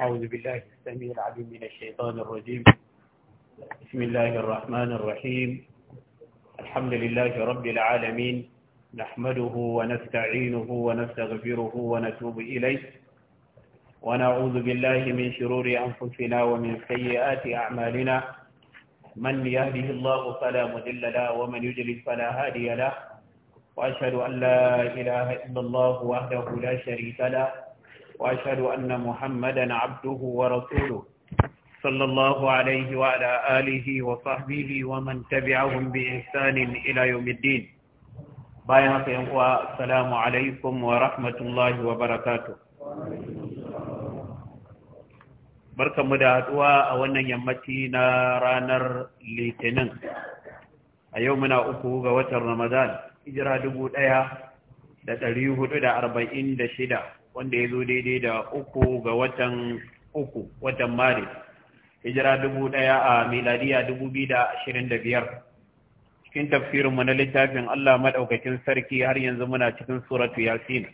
أعوذ بالله السميع العليم من الشيطان الرجيم بسم الله الرحمن الرحيم الحمد لله رب العالمين نحمده ونستعينه ونستغفره ونتوب إليه ونعوذ بالله من شرور أنفسنا ومن سيئات أعمالنا من يهده الله فلا مضل له ومن يضلل فلا هادي له وأشهد أن لا إله إلا الله وحده لا شريك له وأشهد أن محمدا عبده ورسوله صلى الله عليه وعلى آله وصحبه ومن تبعهم بإحسان إلى يوم الدين بايعك السلام عليكم ورحمة الله وبركاته barkanmu da haduwa a wannan yammaci na ranar litinin a yau muna uku ga watan ramadan hijira dubu ɗaya da ɗari hudu da arba'in da shida wanda ya zo daidai da uku ga watan uku watan maris hijira dubu ɗaya a miladiya dubu biyu da ashirin da biyar cikin tafsirinmu na littafin Allah maɗaukakin sarki har yanzu muna cikin suratu yasin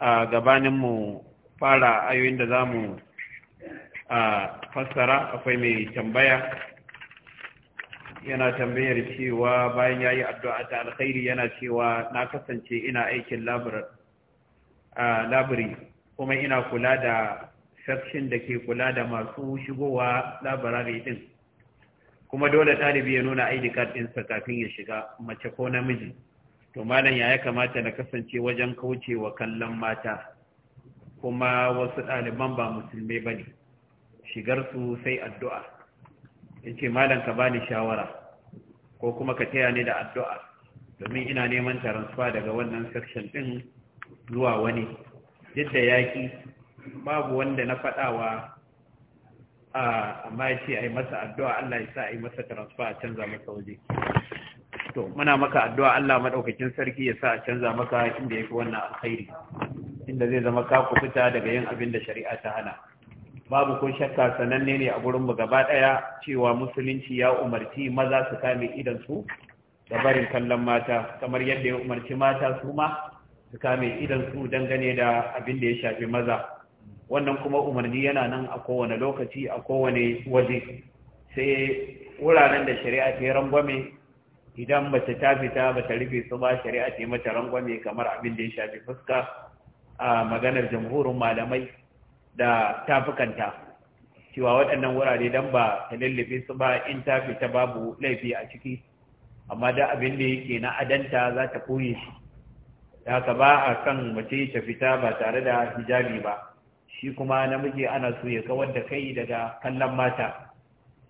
a gabaninmu fara ayoyin da za mu fassara akwai mai tambaya yana tambayar cewa bayan ya yi addu'a ta alkhairi yana cewa na kasance ina aikin labarar A labiri kuma ina kula da section da ke kula da masu shigowa labarari din kuma dole ɗalibi ya nuna ID card ɗinsa kafin ya shiga mace ko namiji to malam ya kamata na kasance wajen kaucewa kallon mata kuma wasu ɗaliban ba musulmai ba ne su sai addu'a yace ce malam ka bani shawara ko kuma ka taya ni da addu'a domin ina neman transfer daga wannan section ɗin zuwa wani yadda da yaƙi babu wanda na faɗawa amma ya ce a yi masa addu'a Allah ya sa a yi masa transfer a canza masa waje to muna maka addu'a Allah maɗaukakin sarki ya sa a canza maka inda ya fi wannan alkhairi inda zai zama ka ku fita daga yin abin da shari'a ta hana babu ko shakka sananne ne a gurinmu gaba ɗaya cewa musulunci ya umarci maza su kame idan su da barin kallon mata kamar yadda ya umarci mata su ma su kame idan su dangane da abin da ya shafi maza wannan kuma umarni yana nan a kowane lokaci a kowane waje sai wuraren da shari'a ta rangwame idan mace ta fita ba ta rufe su ba shari'a ta mata rangwame kamar abin da ya shafi fuska a maganar jamhurin malamai da tafukanta cewa waɗannan wurare don ba ta lullube su ba in ta fita babu laifi a ciki amma da abin da yake na adanta za ta koye shi da haka ba a kan mace ta fita ba tare da hijabi ba shi kuma namiji ana so ya kawar da kai daga kallon mata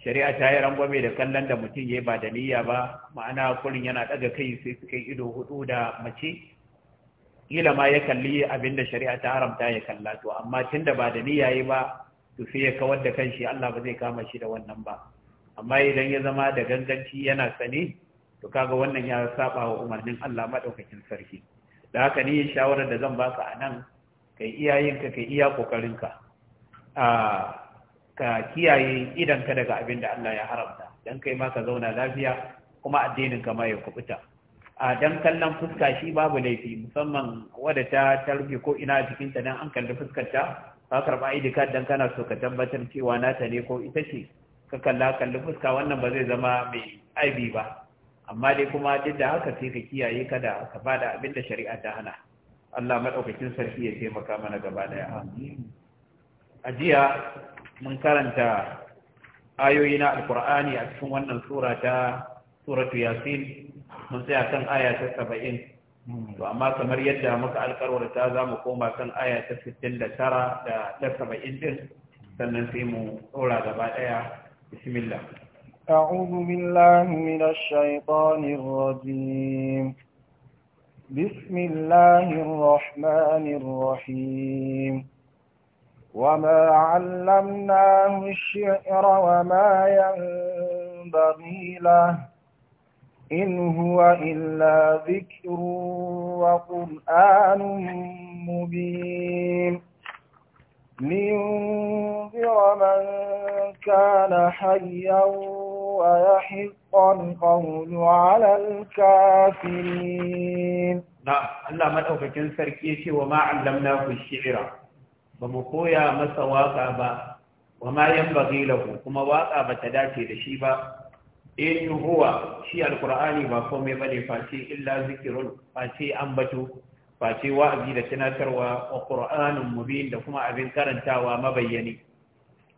shari'a ta yi rangwame da kallon da mutum ya yi ba da niyya ba ma'ana kurin yana ɗaga kai sai su kai ido hudu da mace kila ma ya kalli abinda shari'a ta haramta ya kalla to amma tunda ba da niyya yi ba to sai ya kawar da kanshi Allah ba zai kama shi da wannan ba amma idan ya zama da ganganci yana sani to kaga wannan ya saba wa umarnin Allah madaukakin sarki da haka ni shawarar da zan baka a nan kai iyayenka kai iya kokarinka a ka kiyaye idanka daga abin da Allah ya haramta dan kai ma ka zauna lafiya kuma addinin ka ma ya kubuta a dan kallon fuska shi babu laifi musamman wadda ta tarbi ko ina cikin ta dan an kalli fuskar ta ka karba ID card dan kana so ka tabbatar cewa nata ne ko ita ce ka kalla kalli fuska wannan ba zai zama mai aibi ba amma dai kuma duk da haka sai ka kiyaye kada ka bada abin da shari'a ta hana Allah madaukakin sarki ya taimaka mana gaba daya a jiya mun karanta ayoyi na alkur'ani a cikin wannan sura ta suratu yasin mun tsaya kan aya ta saba'in hmm. to amma kamar yadda muka ta za mu koma kan aya ta sittin da tara da ta saba'in din sannan sai mu tsora gaba ɗaya bismillah أعوذ بالله من الشيطان الرجيم بسم الله الرحمن الرحيم وما علمناه الشعر وما ينبغي له إن هو إلا ذكر وقرآن مبين لينذر من كان حيا ويحق القول على الكافرين نعم الله مدعوكين سركيتي وما علمناه الشعر بمقويا مسواقا با وما ينبغي له كما واقع بتداتي لشيبا in huwa shi alkur'ani ba komai bane face illa zikirun face ambato face wa'azi da tunatarwa wa qur'anun mubin da kuma abin karantawa mabayyani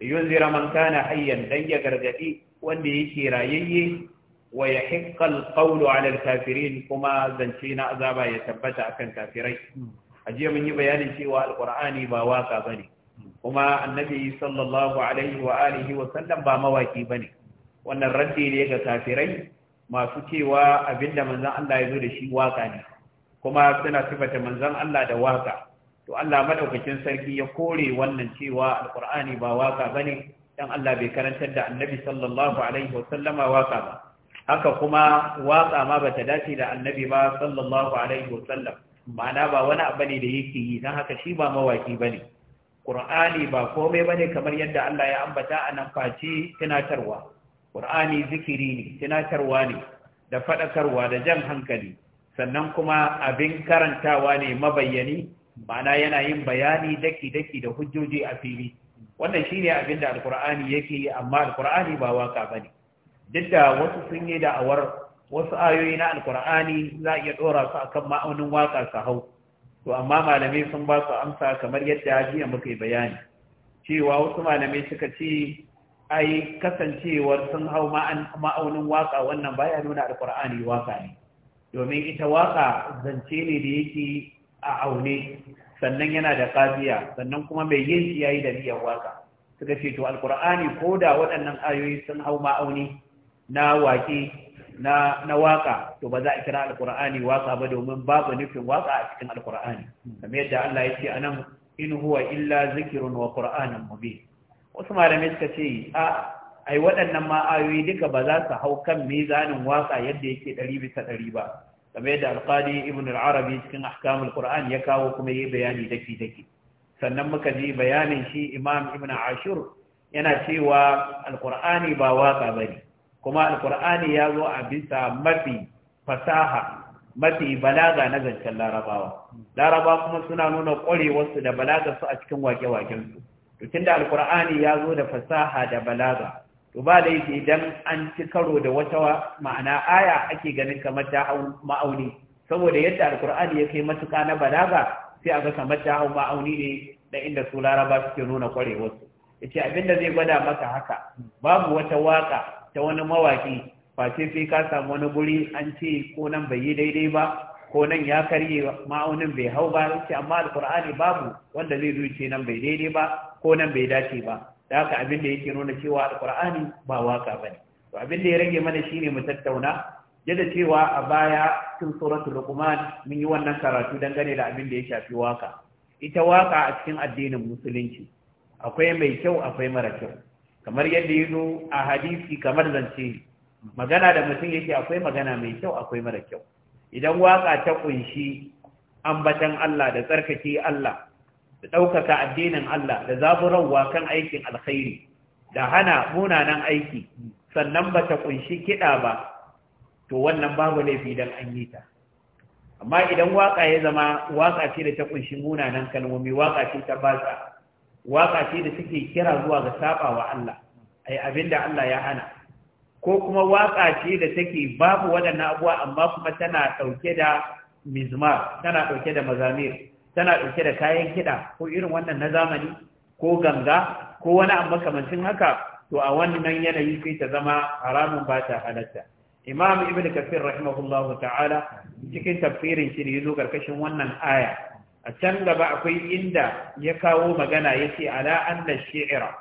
yunzira man kana hayyan dan ya gargadi wanda yake rayayye wa yahiqqa alqawlu ala alkafirin kuma zance na azaba ya tabbata akan kafirai ajiya mun yi bayanin cewa alqur'ani ba waka bane kuma annabi sallallahu alaihi wa alihi wa sallam ba mawaki bane wannan raddi ne ga kafirai masu cewa abinda manzon Allah ya zo da shi waka ne kuma suna sifata manzon Allah da waka to Allah madaukakin sarki ya kore wannan cewa alqur'ani ba waka bane dan Allah bai karantar da annabi sallallahu alaihi wasallama waka ba haka kuma waka ma bata dace da annabi ba sallallahu alaihi wasallam ma'ana ba wani abu ne da yake yi dan haka shi ba mawaki bane qur'ani ba komai bane kamar yadda Allah ya ambata a nan face tunatarwa qur'ani zikiri ne tunatarwa ne da fadakarwa da jan hankali sannan kuma abin karantawa ne mabayyani ma'ana yana yin bayani daki-daki da hujjoji a fili wannan shine abin da alkur'ani yake yi amma alkur'ani ba waka ba ne duk da wasu sun yi da'awar wasu ayoyi na alkur'ani za a iya ɗora su akan ma'aunin waka su hau to amma malamai sun ba su amsa kamar yadda jiya muka yi bayani cewa wasu malamai suka ce ai kasancewar sun hau ma'aunin waka wannan baya nuna alkur'ani waka ne domin ita waka zance ne da yake a aune sannan yana da kafiya sannan kuma mai yin shi yayi da niyyar waka suka ce to alqur'ani ko da waɗannan ayoyi sun hau ma'auni na waƙe na na waka to ba za a kira alqur'ani waka ba domin babu nufin waka a cikin alqur'ani kamar yadda Allah ya ce anan in huwa illa zikrun wa qur'anun mubin wasu malamai suka ce a ai waɗannan ma ayoyi duka ba za su hau kan mizanin waka yadda yake ɗari bisa ɗari ba kamar yadda alqadi ibn al-arabi cikin ahkamul qur'an ya kawo kuma yi bayani daki daki sannan muka ji bayanin shi imam ibn ashur yana cewa alqur'ani ba waka bane kuma alqur'ani ya zo a bisa mafi fasaha mafi balaga na zancen larabawa laraba kuma suna nuna ƙwarewarsu da su a cikin wake-wakensu tun da alkur'ani ya zo da fasaha da balaga to ba laifi idan an ci karo da wata ma'ana aya ake ganin kamar ta hau ma'auni saboda yadda alkur'ani ya kai matuƙa na balaga sai a ga kamar ta hau ma'auni ne da inda su laraba suke nuna su yace abinda zai gwada maka haka babu wata waka ta wani mawaki ce sai ka samu wani guri an ce ko nan bai yi daidai ba ko nan ya karye ma'aunin bai hau ba yace amma alkur'ani babu wanda zai zuci nan bai daidai ba ko nan bai dace ba da haka abin da yake nuna cewa alkur'ani ba waka bane to abin da ya rage mana shine mu tattauna yadda cewa a baya cikin suratul luqman mun yi wannan karatu dangane da abin da ya shafi waka ita waka a cikin addinin musulunci akwai mai kyau akwai mara kyau kamar yadda ya zo a hadisi kamar zance magana da mutum yake akwai magana mai kyau akwai mara kyau idan waka ta kunshi ambatan Allah da tsarkake Allah da ɗaukaka addinin Allah da zaburarwa kan aikin alkhairi da hana munanan aiki sannan ba ta kunshi kiɗa ba to wannan babu laifi don an yi ta amma idan waka ya zama waka ce da ta kunshi munanan kalmomi waka ce ta batsa waka ce da suke kira zuwa ga saba Allah ai abinda Allah ya hana ko kuma waka ce da take babu waɗannan abuwa amma kuma tana ɗauke da mizmar tana ɗauke da mazamir tana ɗauke da kayan kiɗa ko irin wannan na zamani ko ganga ko wani abu makamancin haka to a wannan yanayi sai ta zama haramun ba ta halatta imam ibn kafir rahimahullahu ta'ala cikin tafsirin shi ne yazo karkashin wannan aya a can gaba akwai inda ya kawo magana yace ala anna shi'ra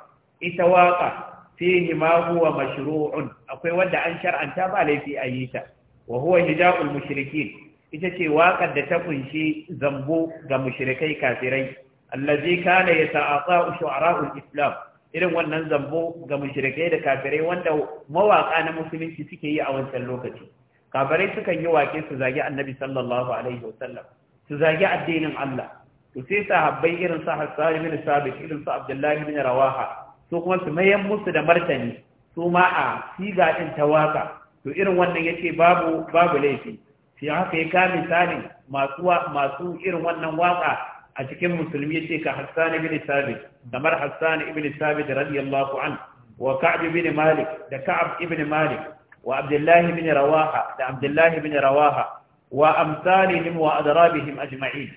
ita waka fihi ma huwa mashru'un akwai wanda an shar'anta ba laifi a yi ta wa huwa hijabul mushrikin ita ce waƙar da ta kunshi zambo ga mushrikai kafirai allazi kana yata'ata shu'ara'ul islam irin wannan zambo ga mushrikai da kafirai wanda mawaka na musulunci suke yi a wancan lokaci kafirai sukan yi wake su zagi annabi sallallahu alaihi wasallam su zagi addinin Allah to sai sahabbai irin su Hassan bin Sabit irin su Abdullahi bin Rawaha su kuma su mayan musu da martani su ma a siga ɗin ta waka to irin wannan yace babu babu laifi shi haka ya ka misali masu irin wannan waka a cikin musulmi yace ka Hassan ibn Thabit kamar Hassan ibn Thabit radiyallahu an wa Ka'b ibn Malik da Ka'b ibn Malik wa Abdullah ibn Rawaha da Abdullah ibn Rawaha wa amsalihim wa adrabihim ajma'in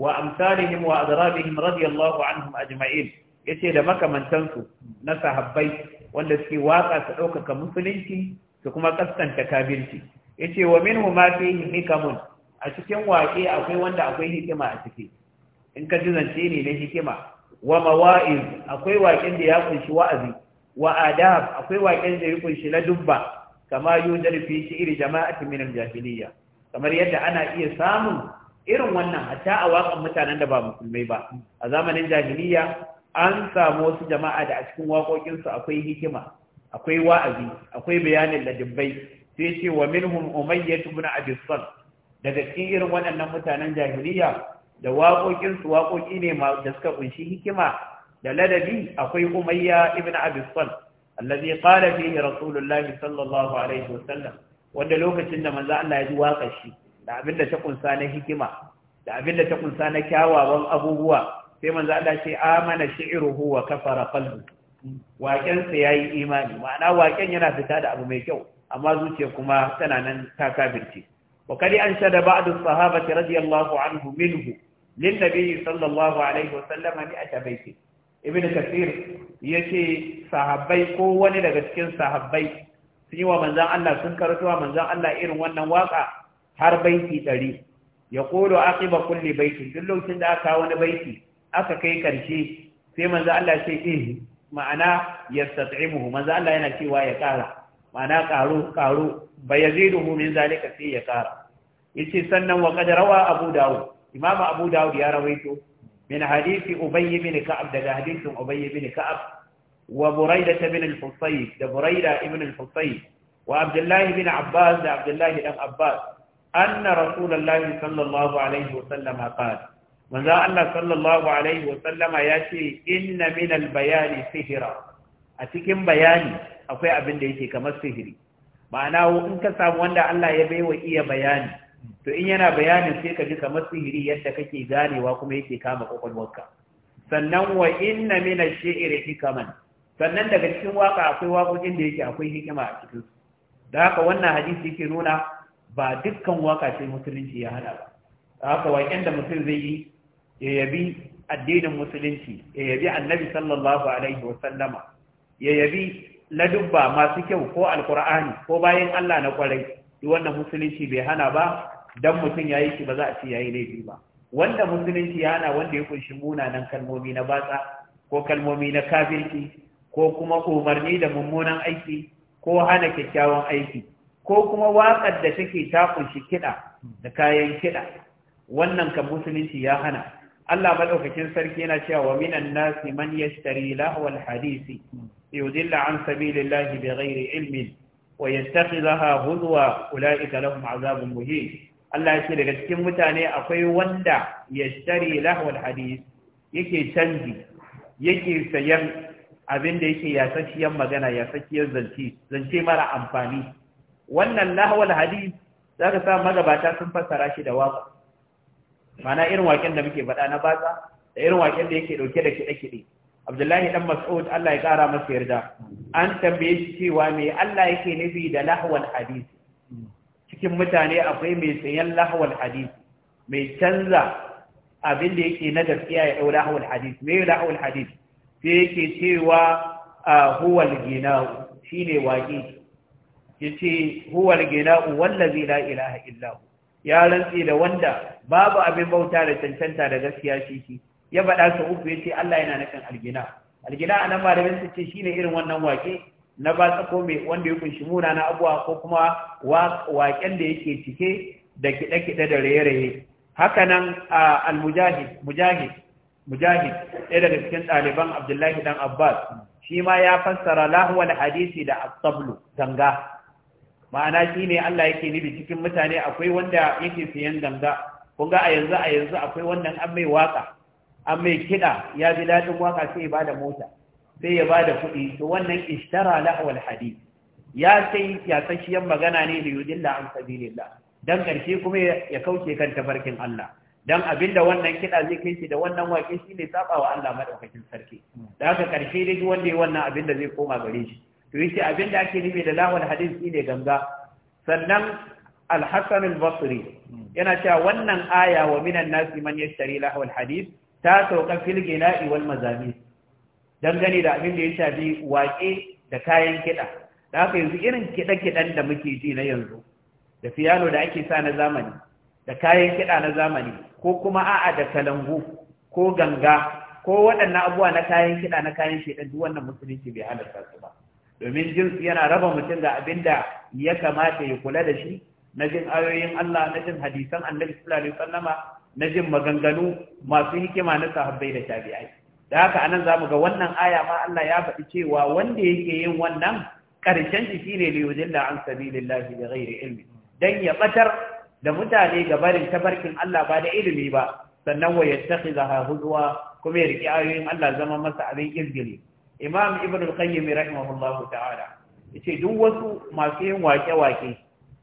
wa amsalihim wa adrabihim radiyallahu anhum ajma'in yace da makamantansu na sahabbai wanda suke waka su ɗaukaka musulunci su kuma kaskanta kafirci yace wa minhu ma fihi hikamun a cikin waƙe akwai wanda akwai hikima a ciki in ka ji zance ne na hikima wa mawa'iz akwai waƙen da ya kunshi wa'azi wa adab akwai waƙen da ya kunshi na dubba kama yujar fi iri jama'ati min al-jahiliyya kamar yadda ana iya samun irin wannan hatta a waƙan mutanen da ba musulmai ba a zamanin jahiliyya an samu wasu jama'a da a cikin waƙoƙinsu akwai hikima akwai wa'azi akwai bayanin ladibbai sai ce wa minhum umayyah ibn abi sal daga cikin irin waɗannan mutanen jahiliya da waƙoƙin su waƙoƙi ne da suka kunshi hikima da ladabi akwai umayya ibn abi sal allazi qala fihi rasulullah sallallahu alaihi wasallam wanda lokacin da manzo Allah ya ji waƙar shi da abinda ta kunsa na hikima da abinda ta kunsa na kyawawan abubuwa sai manzo Allah ce amana shi'ruhu wa kafara qalbu waƙensa yayi imani ma'ana waƙen yana fita da abu mai kyau amma zuciya kuma tana nan ta kafirce wa kadi an shada ba'd sahabati radiyallahu anhu minhu lin nabiy sallallahu alaihi wa sallam ni atabaiti ibn kathir yace sahabbai ko wani daga cikin sahabbai sun yi wa manzon Allah sun karatu wa manzon Allah irin wannan waka har baiti ya yaqulu aqiba kulli baitin duk lokacin da aka wani baiti aka kai karshe sai manzon Allah ya ce eh, ma'ana yastat'imuhu manzon Allah yana cewa ya kara ma'ana ƙaru ƙaru bai ya zidu min zalika sai ya ƙara yace sannan wa qad rawa abu dawud imamu abu dawud ya rawaito min hadisi ubay ibn ka'ab daga hadisin ubay ibn ka'ab wa burayda ibn al-husayb da burayda ibn al-husayb wa abdullah ibn abbas da abdullah ibn abbas anna rasulullahi sallallahu alaihi wa sallama qala manzo Allah sallallahu alaihi wa sallama yace inna min al-bayani sihra a cikin bayani akwai abin da yake kamar sihiri ma'ana in ka samu wanda Allah ya bai wa iya bayani to in yana bayanin sai ka ji kamar sihiri yadda kake ganewa kuma yake kama kwakwalwarka sannan wa inna min ash-shi'ri hikaman sannan daga cikin waka akwai wakokin da yake akwai hikima a cikin su da haka wannan hadisi yake nuna ba dukkan waka sai musulunci ya hada ba da haka waƙen da mutum zai yi ya yabi addinin musulunci ya yabi annabi sallallahu alaihi wa sallama ya yabi dubba, masu kyau ko alkur'ani ko bayan Allah na kwarai duk wannan musulunci bai hana ba dan mutum yayi shi ba za a ce yayi laifi ba wanda musulunci ya hana wanda ya kunshi munanan kalmomi na batsa ko kalmomi na kafirci ko kuma umarni da mummunan aiki ko hana kyakkyawan aiki ko kuma waƙar da take ta kunshi kiɗa da kayan kiɗa wannan kan musulunci ya hana Allah madaukakin sarki yana cewa wa minan nasi man yashtari lahwal hadisi ليضل عن سبيل الله بغير علم ويتخذها هزوا اولئك لهم عذاب مهين Allah ya ce daga cikin mutane akwai wanda ya lahu alhadith yake canji yake sayan abin da yake yasasshiyar magana yasasshiyar zance zance mara amfani wannan lahu alhadith zaka sa magabata sun fassara shi da waka mana irin waken da muke faɗa na batsa da irin waken da yake dauke da kiɗe-kiɗe Abdullahi dan Mas'ud Allah ya ƙara masa yarda an tambaye shi cewa me Allah yake nufi da lahawal hadisi cikin mutane akwai mai tsayen lahawal hadisi mai canza abin da yake na gaskiya ya dau lahwal hadisi me lahawal hadisi sai yake cewa huwal gina'u shine waƙi yace huwal gina'u wallazi la ilaha illa ya rantsi da wanda babu abin bauta da cancanta da gaskiya shi shi ya faɗa su uku ya ce Allah yana nufin algina algina a nan malamin su ce shine irin wannan wake na ba tsako mai wanda ya kunshi muna na abuwa ko kuma waken da yake cike da kiɗe-kiɗe da raye-raye haka nan al-mujahid mujahid mujahid ɗaya daga cikin ɗaliban abdullahi dan abbas shi ma ya fassara lahwal hadisi da asablu ganga ma'ana shi ne Allah yake nufi cikin mutane akwai wanda yake siyan ganga kun ga a yanzu a yanzu akwai wannan an mai waka an mai kiɗa ya bi daɗin waka sai ya bada mota sai ya bada kuɗi to wannan ishtara lahwal hadith ya sai ya yatsashiyar magana ne da yudilla an sabilillah Don ƙarshe kuma ya kauce kan tafarkin Allah Don abinda wannan kiɗa zai kai shi da wannan waƙe shi ne saba wa Allah madaukakin sarki da haka ƙarshe dai wanda ya wannan abinda zai koma gare shi to yace abinda ake nufi da lahwal hadith ne ganga sannan al-Hasan al-Basri yana cewa wannan aya wa minan nasi man yashtari lahwal hadith ta sauka fil iwal mazami dangane da abin da ya shafi waƙe da kayan kiɗa da aka yanzu irin kiɗe-kiɗen da muke ji na yanzu da fiyano da ake sa na zamani da kayan kiɗa na zamani ko kuma a'a da kalangu ko ganga ko waɗannan abubuwa na kayan kiɗa na kayan shaidan duk wannan musulunci bai halarta su ba domin jinsi yana raba mutum da abin da ya kamata ya kula da shi na jin ayoyin Allah na jin hadisan annabi sallallahu alaihi wasallama na jin maganganu masu hikima na sahabbai da tabi'ai da haka anan zamu ga wannan aya ma Allah ya faɗi cewa wanda yake yin wannan karshen shi shine li yudilla an sabilillahi bi ghairi ilmi dan ya batar da mutane ga barin tabarkin Allah ba da ilimi ba sannan wa yattakhidha huzwa kuma ya riki ayoyin Allah zama masa abin izgili imam ibn al-qayyim rahimahullahu ta'ala yace duk wasu masu yin wake-wake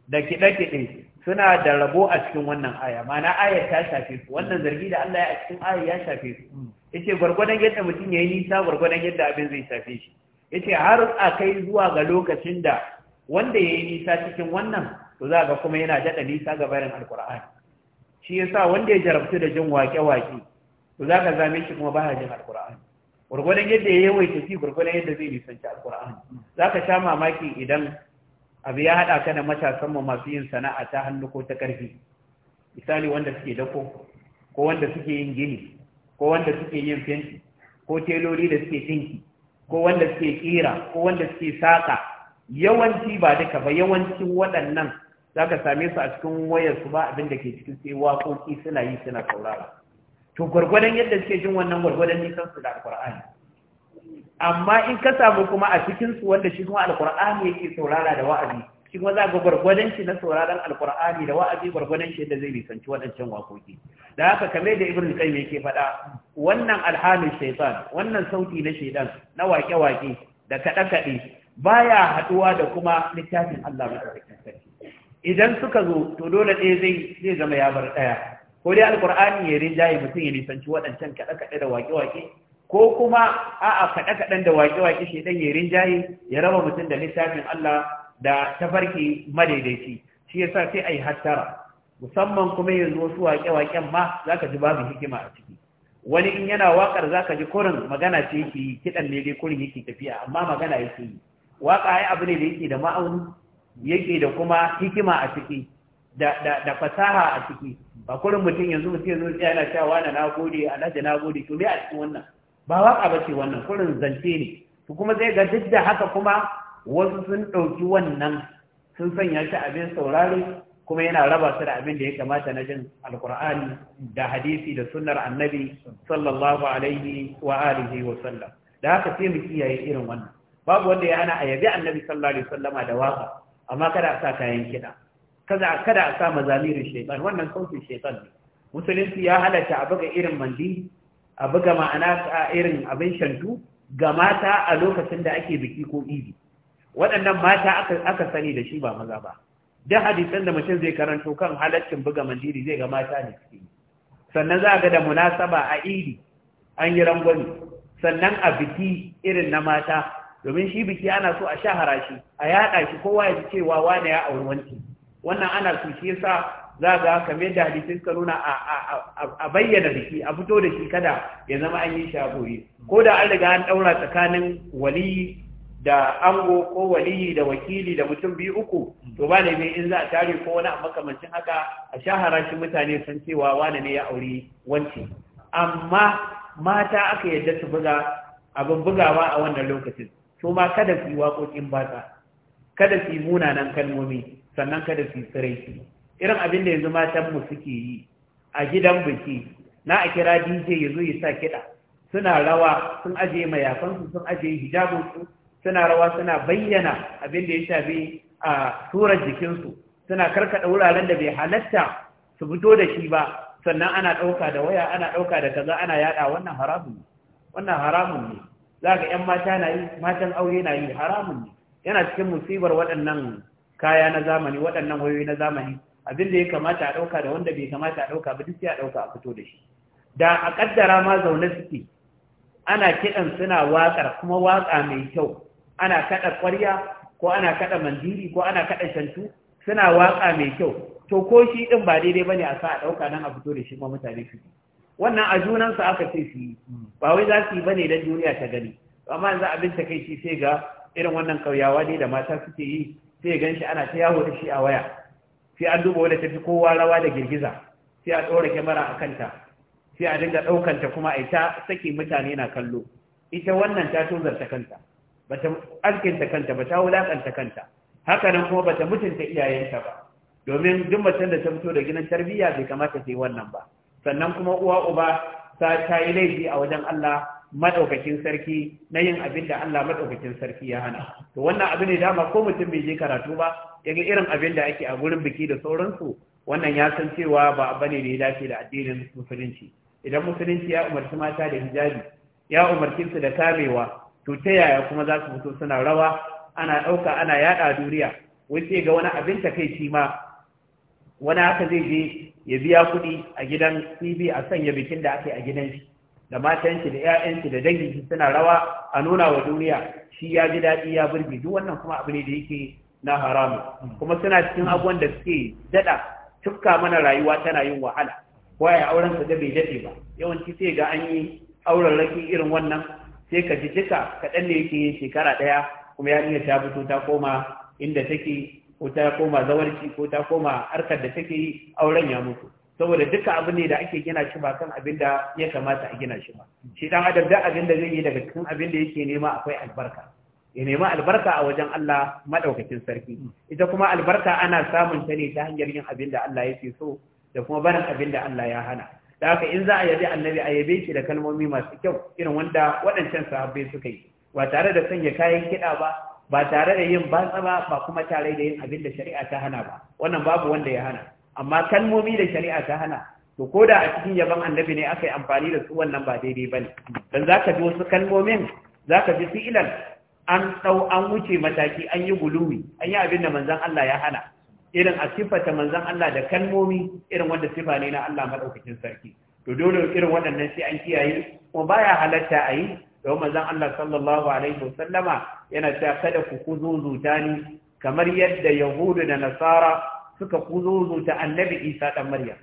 da kiɗe-kiɗe suna da rabo a cikin wannan aya mana aya ta shafe su wannan zargi da Allah ya a cikin aya ya shafe su mm. yace gwargwadon yadda mutum yayi nisa gwargwadon yadda abin zai shafe shi yace har a kai zuwa ga lokacin da wanda yayi nisa cikin wannan to za ga kuma yana daɗa nisa ga barin alqur'ani shi yasa wanda ya jarabtu da jin waƙe-waƙe to za ka zame shi kuma baya jin alqur'ani gwargwadon yadda ya wai shi gwargwadon yadda zai nisanci alqur'ani mm. za ka sha mamaki idan abu ya haɗa ka da matasan mu masu yin sana'a ta hannu ko ta ƙarfi misali wanda suke dako ko wanda suke yin gini ko wanda suke yin fenti ko teloli da suke tinki ko wanda suke kira ko wanda suke saƙa. yawanci ba duka ba yawancin waɗannan za ka same su a cikin wayar su ba abin da ke cikin sai waƙoƙi suna yi suna saurara to gwargwadon yadda suke jin wannan gwargwadon nisan su da alƙur'ani amma in ka samu kuma a cikin su wanda shi kuma alqur'ani yake saurara da wa'azi shi kuma za ga gwargwadon shi na sauraron alqur'ani da wa'azi gwargwadon shi da zai nisanci waɗancan wakoki da haka kame da kai qayyim yake faɗa wannan alhamin shaytan wannan sauti na shaytan na wake-wake da kaɗe-kaɗe baya haɗuwa da kuma littafin Allah madaukakin sarki idan suka zo to dole ɗaya zai zai zama ya bar ɗaya ko dai alqur'ani ya rinjaye mutum ya nisanci waɗancan kaɗe-kaɗe da wake-wake ko kuma a'a kaɗe-kaɗen da waƙe-waƙe ɗan ya rinjaye ya raba mutum da littafin Allah da tafarki madaidaici shi yasa sai a yi hattara musamman kuma yanzu wasu waƙe-waƙen ma za ka ji babu hikima a ciki wani in yana waƙar za ka ji kurin magana ce yake yi kiɗan ne dai kurin yake tafiya amma magana yake yi waƙa ai abu ne da yake da ma'auni yake da kuma hikima a ciki da fasaha a ciki ba kurin mutum yanzu mutum yanzu yana cewa na gode alhaji na gode to me a cikin wannan ba waƙa ba ce wannan kurin zance ne kuma zai ga duk da haka kuma wasu sun ɗauki wannan sun sanya shi abin saurare kuma yana raba su da abin da ya kamata na jin alkur'ani da hadisi da sunnar annabi sallallahu alaihi wa alihi wa sallam da haka sai mu kiyaye irin wannan babu wanda ya ana a yabi annabi sallallahu alaihi wa sallama da waka amma kada a sa kayan kiɗa kada kada a sa mazamirin shaytan wannan sautin shaytan ne musulunci ya halatta a buga irin mandi a buga ma'ana a irin abin shantu ga mata a lokacin da ake biki ko idi waɗannan mata aka sani da shi ba maza ba duk hadisan da mutum zai karanto kan halaccin buga mandiri zai ga mata ne suke sannan za a ga da munasaba a idi an yi rangwani. sannan a biki irin na mata domin shi biki ana so a shahara shi a yaɗa shi kowa ya ji cewa wane ya auri wancan, wannan ana so shi yasa za ga kamar da hadisi suka nuna a bayyana shi, a fito da shi kada ya zama an yi shi ko da an riga an daura tsakanin waliyi da ango ko waliyi da wakili da mutum biyu uku to ba ne mai in za a tare ko wani a makamancin haka a shahara shi mutane san cewa wani ne ya auri wanci amma mata aka yadda su buga abin bugawa a wannan lokacin to ma kada su yi waƙoƙin batsa kada su yi munanan kalmomi sannan kada su yi tsirai irin abin da yanzu mu suke yi a gidan biki na a kira dj ya zo ya sa kiɗa suna rawa sun ajiye mayafansu sun ajiye hijabinsu suna rawa suna bayyana abin da ya shafi a turar jikinsu suna karkada wuraren da bai halatta su fito da shi ba sannan ana ɗauka da waya ana ɗauka da kaza ana yada wannan haramun ne wannan haramun ne za ga 'yan mata na yi matan aure na yi haramun ne yana cikin musibar waɗannan kaya na zamani waɗannan wayoyi na zamani abin da ya kamata a ɗauka da wanda bai kamata a ɗauka ba duk sai a ɗauka a fito da shi da a ƙaddara ma zaune suke ana kiɗan suna waƙar kuma waƙa mai kyau ana kaɗa ƙwarya ko ana kaɗa mandiri ko ana kaɗa shantu suna waƙa mai kyau to ko shi ɗin ba daidai ba ne a sa a ɗauka nan a fito da shi ma mutane su wannan a junansu aka ce su yi ba wai za su yi ba ne don duniya ta gani amma yanzu abin ta kai shi sai ga irin wannan ƙauyawa ne da mata suke yi sai gan shi ana ta yawo da shi a waya sai an duba wadda fi kowa rawa da girgiza sai a ɗora kyamara a kanta sai a dinga ɗaukanta kuma a ita saki mutane na kallo ita wannan ta tozarta kanta ba ta alkinta kanta ba ta wulaƙanta kanta haka nan kuma ba ta mutunta iyayenta ba domin duk macen da ta fito da ginin tarbiyya bai kamata ta yi wannan ba sannan kuma uwa uba ta yi laifi a wajen Allah madaukakin sarki na yin abin da Allah madaukakin sarki ya hana to wannan abin ne dama ko mutum bai je karatu ba yaga irin abin da ake a gurin biki da sauransu wannan ya san cewa ba bane da ya dace da addinin musulunci idan musulunci ya umarci mata da hijabi ya umarci su da kamewa to ta yaya kuma za su fito suna rawa ana ɗauka ana yaɗa duniya sai ga wani abin ta takaici ma wani haka zai je ya biya kuɗi a gidan cb a sanya bikin da ake a gidan shi da matanki da ƴaƴanki da danginki suna rawa a nuna wa duniya shi ya ji daɗi ya burge duk wannan kuma abu ne da yake na haramu kuma suna cikin abubuwan da suke daɗa tukka mana rayuwa tana yin wahala Ko ya auren ka da bai daɗe ba yawanci sai ga an yi auren raki irin wannan sai ka ji duka kaɗan ne yake yin shekara ɗaya kuma yarinya ta fito ta koma inda take ko ta koma zawarci ko ta koma harkar da take yi auren ya mutu saboda duka abu ne da ake gina shi ba kan abin da ya kamata a gina shi ba shi dan adam da abin da zai yi daga cikin abin da yake nema akwai albarka ya nema albarka a wajen Allah madaukakin sarki ita kuma albarka ana samun ta ne ta hanyar yin abin da Allah yake so da kuma barin abin da Allah ya hana da haka in za a yabi annabi a yabe shi da kalmomi masu kyau irin wanda waɗancan sahabbai suka yi ba tare da sanya kayan kiɗa ba ba tare da yin batsa ba ba kuma tare da yin abin da shari'a ta hana ba wannan babu wanda ya hana amma kalmomi da shari'a ta hana to ko da a cikin yaban annabi ne aka yi amfani da su wannan ba daidai ba ne don za ka ji wasu kalmomin za ka ji fi'ilan an ɗau an wuce mataki an yi guluwi an yi abin da manzan Allah ya hana irin a sifata manzan Allah da kalmomi irin wanda sifa ne na Allah maɗaukacin sarki to dole irin waɗannan sai an kiyaye kuma baya halatta a yi don manzan Allah sallallahu alaihi wasallama yana cewa kada ku kuzo zutani kamar yadda yahudu da nasara suka kuzo ta annabi Isa dan Maryam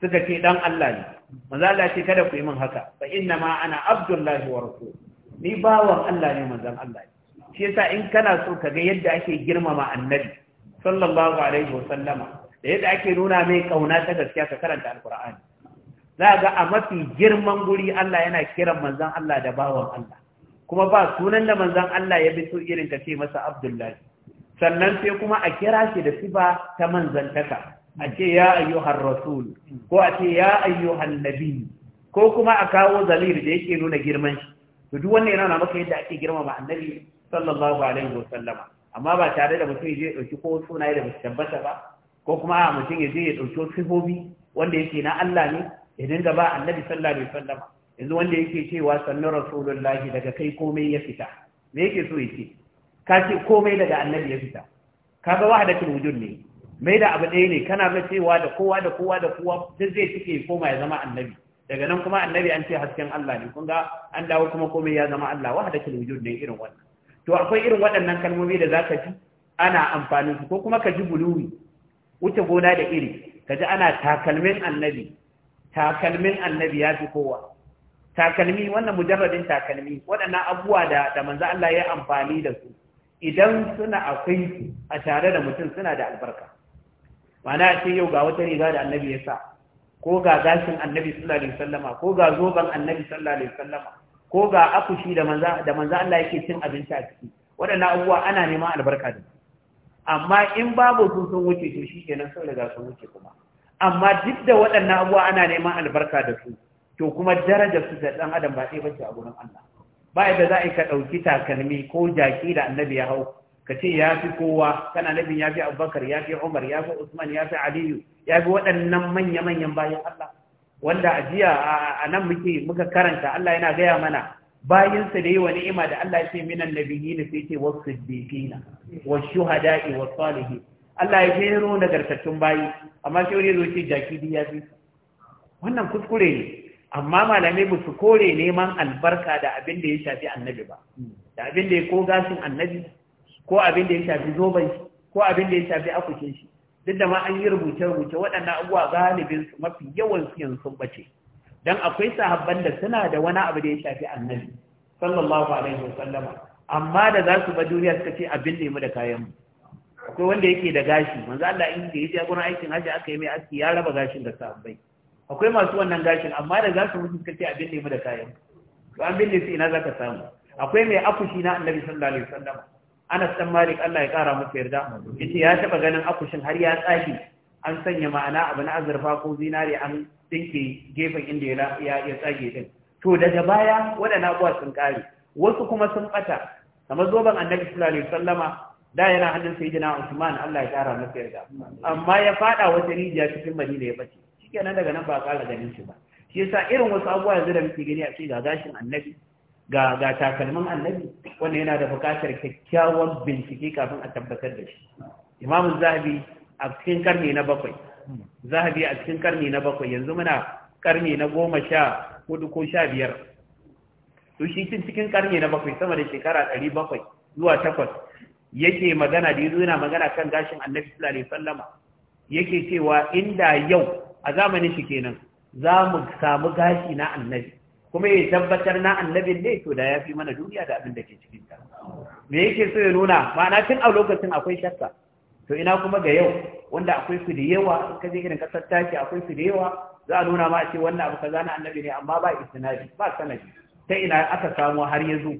suka ce dan Allah ne manzo Allah ce kada ku yi min haka fa inna ma ana abdullahi wa rasul ni bawan Allah ne manzon Allah shi yasa in kana so ka ga yadda ake girmama annabi sallallahu alaihi wa sallama da yadda ake nuna mai kauna ta gaskiya ka karanta alqur'ani za ga a mafi girman guri Allah yana kiran manzon Allah da bawan Allah kuma ba sunan da manzon Allah ya bi so irin ka ce masa abdullahi sannan sai kuma a kira shi da sifa ta manzantaka a ce ya ayyuhar rasul ko a ce ya ayyuhan nabi ko kuma a kawo zalir da yake nuna girman shi to duk wannan yana maka yadda ake girmama annabi sallallahu alaihi sallama. amma ba tare da mutum ya dauki ko sunaye da basu tabbata ba ko kuma a mutum ya je ya dauki sifofi wanda yake na Allah ne ya dinga ba annabi sallallahu alaihi sallama. yanzu wanda yake cewa sannu rasulullahi daga kai komai ya fita me yake so yake ka ce komai daga annabi ya fita Ka ga wahdatul wujud ne mai da abu ɗaya ne kana ga cewa da kowa da kowa da kowa duk zai cike koma ya zama annabi daga nan kuma annabi an ce hasken Allah ne kun ga an dawo kuma komai ya zama Allah wahdatul wujud ne irin wannan to akwai irin waɗannan kalmomi da zaka ji ana amfani su ko kuma ka ji buluwi wuce gona da iri ka ji ana takalmin annabi takalmin annabi ya fi kowa takalmi wannan mujarradin takalmi waɗannan abubuwa da da manzo Allah ya amfani da su idan suna akwai a tare da mutum suna da albarka mana a ce yau ga wata riga da annabi ya sa ko ga gashin annabi sallallahu alaihi wasallama ko ga zoban annabi sallallahu alaihi wasallama ko ga akushi da manza da manza Allah yake cin abinci a ciki waɗannan abubuwa ana neman albarka da amma in babu sun sun wuce to shikenan sun riga sun wuce kuma amma duk da waɗannan abubuwa ana neman albarka da su to kuma darajar su da dan adam ba sai bace a gurin Allah ba yadda za a ka ɗauki takalmi ko jaki da annabi ya hau ka ce ya fi kowa kana nabin ya fi abubakar ya fi umar ya fi usman ya fi aliyu ya fi waɗannan manya-manyan bayan allah wanda a jiya a nan muke muka karanta allah yana gaya mana bayansa da yi wa ni'ima da allah ya ce minan nabiyyi sai ce wasu siddiqina wa shuhada'i wa salihin Allah ya jero nagartattun bayi amma sai wani zo ce jaki ya fi wannan kuskure ne amma malamai ba su kore neman albarka da abin da ya shafi annabi ba da abin da ya ko gashin annabi ko abin da ya shafi zoban shi ko abin da ya shafi afukin shi duk da ma an yi rubuce-rubuce waɗannan abubuwa galibin su mafi yawan su yanzu sun bace dan akwai sahabban da suna da wani abu da ya shafi annabi sallallahu alaihi wasallama amma da za su ba duniya suka ce abin ne mu da kayan mu akwai wanda yake da gashi manzo Allah in da ya je gurin aikin haji aka yi mai aski ya raba gashin da sahabbai akwai masu wannan gashin amma da za su mutu suka ce abin ne mu da kayan to an binne su ina za ka samu akwai mai akushi na annabi sallallahu alaihi wasallam Anas dan Malik Allah ya kara masa yarda yace ya taba ganin akushin har ya tsafi an sanya ma'ana abu na azurfa ko zinare an dinke gefen inda ya ya tsage din to daga baya waɗannan abuwa sun kare wasu kuma sun bata kamar zoben annabi sallallahu alaihi wasallam da yana hannun sayyidina Usman Allah ya kara masa yarda amma ya fada wata rijiya cikin Madina ya bace kenan daga nan ba ƙara ganin shi ba shi yasa irin wasu abubuwa yanzu da muke gani a ce ga gashin annabi ga ga takalmin annabi wanda yana da buƙatar kyakkyawan bincike kafin a tabbatar da shi imamu zahabi a cikin karni na bakwai zahabi a cikin karni na bakwai yanzu muna karni na goma sha hudu ko sha biyar to shi cikin karni na bakwai sama da shekara ɗari bakwai zuwa takwas yake magana da yanzu yana magana kan gashin annabi sallallahu alaihi wasallama yake cewa inda yau a zamanin shi kenan za mu samu gashi na annabi kuma ya tabbatar na annabin ne to da ya fi mana duniya da abin da ke cikin ta me yake so ya nuna ma'ana tun a lokacin akwai shakka to ina kuma ga yau wanda akwai su da yawa ka je irin kasar taki akwai su da yawa za a nuna ma a ce wannan abu kaza na annabi ne amma ba isnadi ba sanadi ta ina aka samu har zo.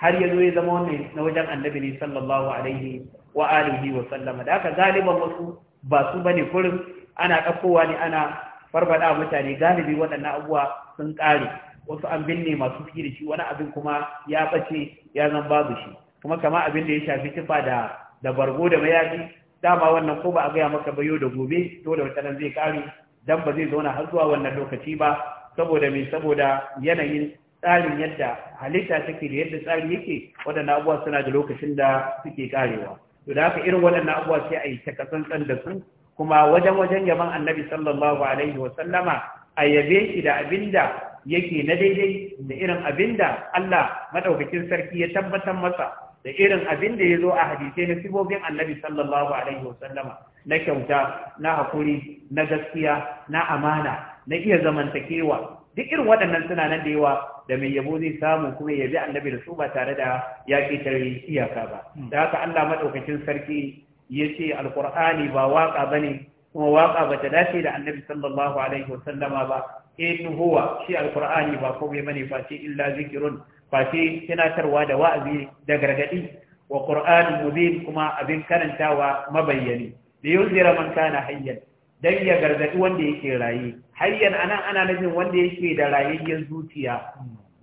har yazo ya zama wannan na wajen annabi ne sallallahu alaihi wa alihi wa sallama da aka galiban wasu ba su bane kurin ana ɗaukowa ne ana farfaɗa mutane galibi waɗannan abubuwa sun ƙare wasu an binne masu fiye da shi wani abin kuma ya ɓace ya zan babu shi kuma kama abin da ya shafi tufa da da bargo da mayafi dama wannan ko ba a gaya maka ba yau da gobe dole wata nan zai ƙare dan ba zai zauna har zuwa wannan lokaci ba saboda me saboda yanayin tsarin yadda halitta take da yadda tsari yake waɗannan abubuwa suna da lokacin da suke karewa to da haka irin waɗannan abubuwa sai a yi takatsantsan da su kuma wajen wajen yaban annabi sallallahu alaihi wa sallama a yabe shi da abinda yake na daidai da irin abinda Allah madaukakin sarki ya tabbatar masa da irin abinda ya zo a hadisai na sibobin annabi sallallahu alaihi wa sallama na kyauta na hakuri na gaskiya na amana na iya zamantakewa duk irin waɗannan suna nan da yawa da mai yabo zai samu kuma ya bi annabi da su ba tare da ya ƙetare iyaka ba hmm. da haka Allah madaukakin sarki ya ce alƙur'ani ba waƙa ba ne kuma waƙa ba ta dace da annabi sallallahu alaihi wasallama ba in huwa shi alƙur'ani ba komai ba ne face illa zikirun face tunatarwa da wa'azi da gargaɗi wa ƙur'ani mubin kuma abin karantawa mabayyani da yau zira man kana hayyan dan ya gargaɗi wanda yake raye hayyan anan ana nufin wanda yake da rayayyen zuciya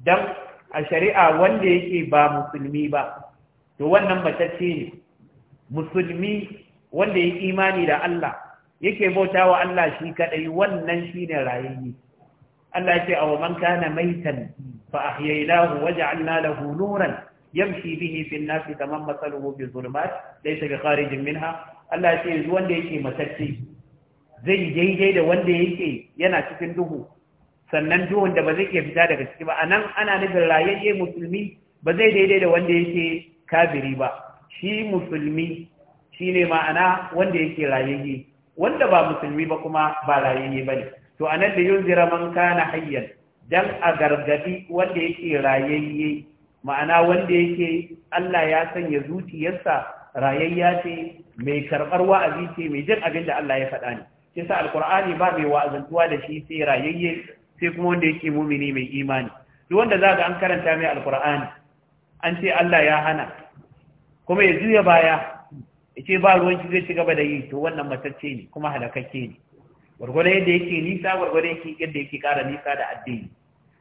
dan a shari'a wanda yake ba musulmi ba to wannan ce ne musulmi wanda ya imani da Allah yake bauta wa Allah shi kadai wannan shine rayayye Allah yake awa man kana maitan fa ahyaynahu waja'alna lahu nuran yamshi bihi fi nas kaman masaluhu bi zulumat laysa bi kharijin minha Allah yake wanda yake matacce zai daidai da wanda yake yana cikin duhu sannan duhun da ba zai iya fita daga ciki ba anan ana nufin rayayye musulmi ba zai daidai da wanda yake kafiri ba shi musulmi shi ne ma'ana wanda yake rayayye wanda ba musulmi ba kuma ba rayayye ne. to a nan da yunzira man kana hayyan dan a gargadi wanda yake rayayye ma'ana wanda yake Allah ya sanya zuciyarsa rayayya ce mai karɓar wa'azi ce mai jin abin da Allah ya faɗa ne Kisa sa alkur'ani ba mai wa'azantuwa da shi sai rayayye sai kuma wanda yake mumini mai imani duk wanda za an karanta mai alkur'ani an ce Allah ya hana kuma ya juya baya ya ce ba ruwanki zai ci gaba da yi to wannan matacce ne kuma halakakke ne gwargwado yadda yake nisa gwargwado yake yadda yake kara nisa da addini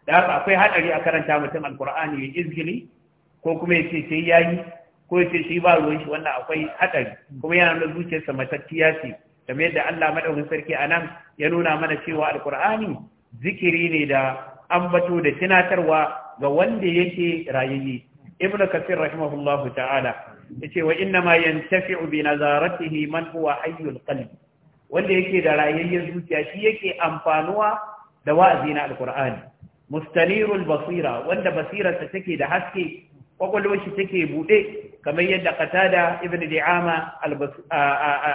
da haka akwai haɗari a karanta mutum alkur'ani ya izgili ko kuma ya ce sai ya yi ko ya ce shi ba ruwan shi wannan akwai haɗari kuma yana nuna zuciyarsa matacciya ce kamar yadda Allah madaukakin sarki a nan ya nuna mana cewa alkur'ani zikiri ne da ambato da tunatarwa ga wanda yake rayayye ibnu kasir rahimahullahu ta'ala yace wa inna ma yantafi'u bi nazaratihi man huwa hayyul qalb wanda yake da rayayyen zuciya shi yake amfanuwa da wa'azi na alqur'ani mustanirul basira wanda basirarsa take da haske kwakwalwar shi take buɗe kamar yadda qatada ibn di'ama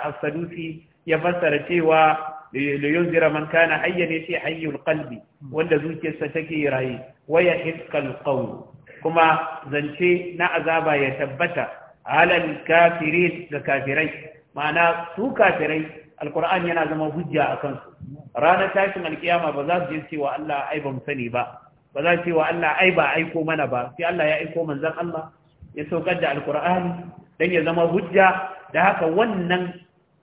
al-sadusi ya fassara cewa yunzira man kana hayyan yace hayyul qalbi wanda zuciyarsa take rayi wa yahiqqal qawl kuma zance na azaba ya tabbata alal kafiri da kafirai ma'ana su kafirai alkur'ani yana zama hujja a kansu ranar tashin alkiyama ba za su je cewa Allah ai ba mu sani ba ba za su cewa Allah ai ba aiko mana ba sai Allah ya aiko manzon Allah ya saukar da alkur'ani don ya zama hujja da haka wannan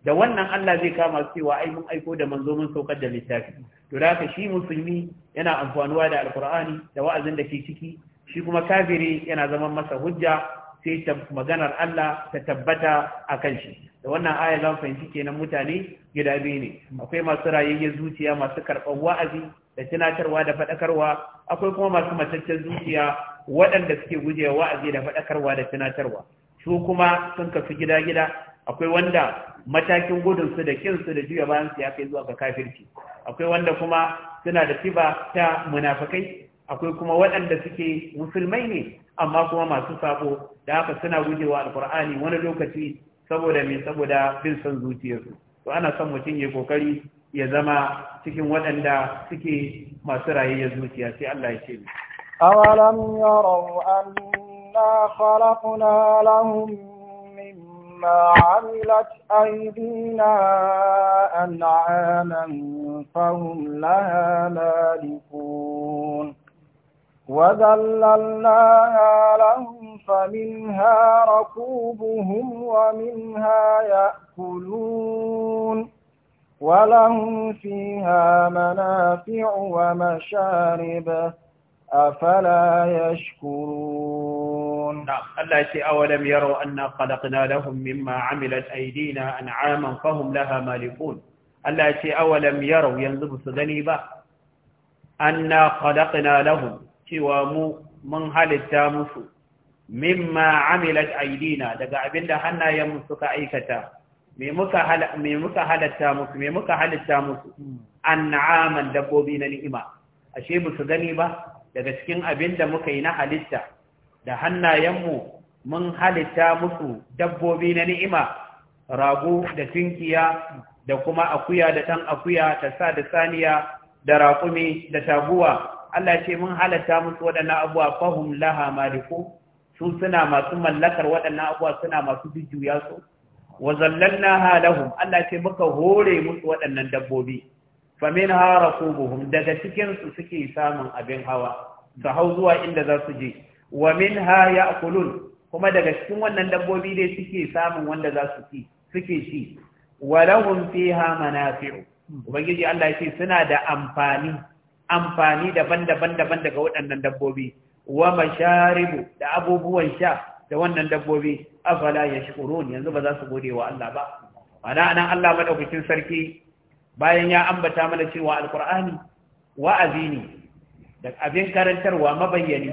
da wannan Allah zai kama su cewa ai mun aiko da manzo mun saukar da littafi to da haka shi musulmi yana amfanuwa da alkur'ani da wa'azin da ke ciki shi kuma kafiri yana zama masa hujja sai maganar Allah ta tabbata a kan shi da wannan aya zan fahimci kenan mutane gida biyu ne akwai masu rayayyen zuciya masu karɓar wa'azi da tunatarwa da faɗakarwa akwai kuma masu mataccen zuciya waɗanda suke gujewa wa'azi da faɗakarwa da tunatarwa su kuma sun kafi gida-gida akwai wanda matakin gudunsu da su da juya bayan su ya kai zuwa ga kafirci akwai wanda kuma suna da siba ta munafakai akwai kuma waɗanda suke musulmai ne amma kuma masu sabo da haka suna gujewa alkur'ani wani lokaci saboda mai saboda bin son zuciyarsu to ana son mutum ya kokari ya zama cikin waɗanda suke masu rayayyar zuciya sai Allah ya ce mu awalam yarau anna khalaqna lahum mimma amilat aydina an'aman fahum laha malikun وذللناها لهم فمنها ركوبهم ومنها يأكلون ولهم فيها منافع ومشارب أفلا يشكرون نعم الله أولم يروا أن خلقنا لهم مما عملت أيدينا أنعاما فهم لها مالكون الله أولم يروا ينظر سدنيبا به أنا خلقنا لهم cewa mu mun halitta musu mimma amilat aidina daga abinda hannayenmu suka aikata me muka halatta musu me muka halitta musu an'aman dabbobi na ni'ima ashe musu gani ba daga cikin abin da muka yi na halitta da hannayenmu mun halitta musu dabbobi na ni'ima rago da tunkiya da kuma akuya da tan akuya ta sa da saniya da raƙumi da taguwa Allah ce mun halatta musu waɗannan abuwa fahum laha maliku su suna masu mallakar waɗannan abuwa suna masu jujjuya su wa ha lahum Allah ce muka hore musu waɗannan dabbobi famin hara kubuhum daga cikin su suke samun abin hawa su hau zuwa inda za su je wa min ha yaqulun kuma daga cikin wannan dabbobi dai suke samun wanda za su ci suke ci wa lahum fiha manafi'u ubangiji Allah ya ce suna da amfani amfani daban-daban daban daga waɗannan dabbobi wa masharibu da abubuwan sha da wannan dabbobi afala yashkurun yanzu ba za su gode wa Allah ba ana anan Allah madaukakin sarki bayan ya ambata mana cewa alqur'ani wa'azi ne da abin karantarwa mabayyani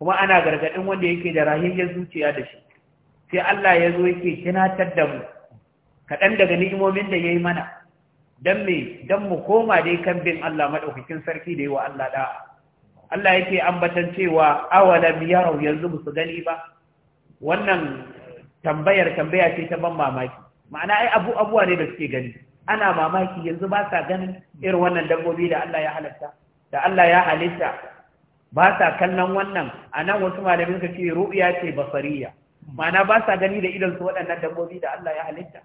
kuma ana gargadin wanda yake da rahiyyar zuciya da shi sai Allah ya zo yake tunatar da mu kaɗan daga ni'imomin da ya yi mana dan me dan mu koma dai kan bin Allah madaukakin sarki da yawa Allah da Allah yake ambatan cewa awalam yarau yanzu musu gani ba wannan tambayar tambaya ce ta ban mamaki ma'ana ai abu abuwa ne da suke gani ana mamaki yanzu ba sa ganin irin wannan dabbobi da Allah ya halatta da Allah ya halitta ba sa kallon wannan anan wasu malamin ka ce ru'ya ce basariya ma'ana ba sa gani da idan su waɗannan dabbobi da Allah ya halitta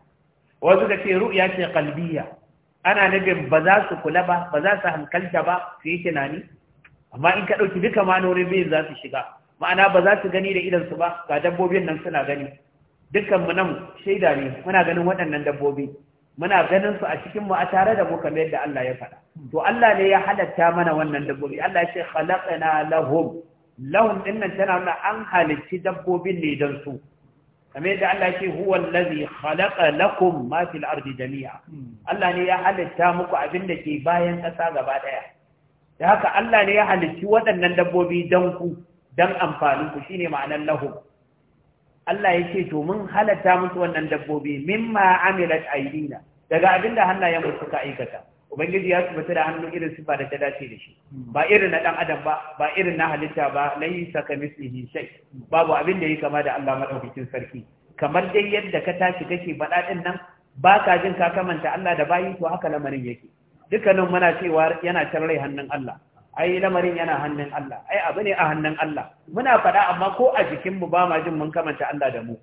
wasu da ce ru'ya ce qalbiyya ana nufin ba za su kula ba ba za su hankalta ba su yi tunani amma in ka ɗauki duka manorin biyun za su shiga ma'ana ba za su gani da idansu ba ga dabbobin nan suna gani dukkanmu nan shaida ne muna ganin waɗannan dabbobi muna ganin su a cikin mu a tare da mu kamar yadda Allah ya faɗa to Allah ne ya halatta mana wannan dabbobi Allah ya ce khalaqna lahum lahum dinnan tana nuna an halicci dabbobin ne don su kamar yadda Allah ce huwa lazi khalaqa lakum ma fil ardi jami'a Allah ne ya halitta muku abin da ke bayan ƙasa gaba daya da haka Allah ne ya halicci waɗannan dabbobi dan ku dan amfanin ku shine ma'anar lahum Allah ya ce to mun halatta musu wannan dabbobi mimma amilat aidina daga abin da hannayen mu suka aikata ubangiji ya tabbata da hannu irin sifa da ta dace da shi hmm. ba irin na dan adam ba ba irin na halitta ba saka mislihi shay babu abin da yake kama da Allah madaukakin sarki kamar dai yadda ka tashi kake faɗa din nan ba ka jin ka kamanta Allah da bayi to haka lamarin yake dukkanin muna cewa yana can rai hannun Allah ai lamarin yana hannun Allah ai abu ne a hannun Allah muna faɗa amma ko a jikin mu ba ma jin mun kamanta Allah da mu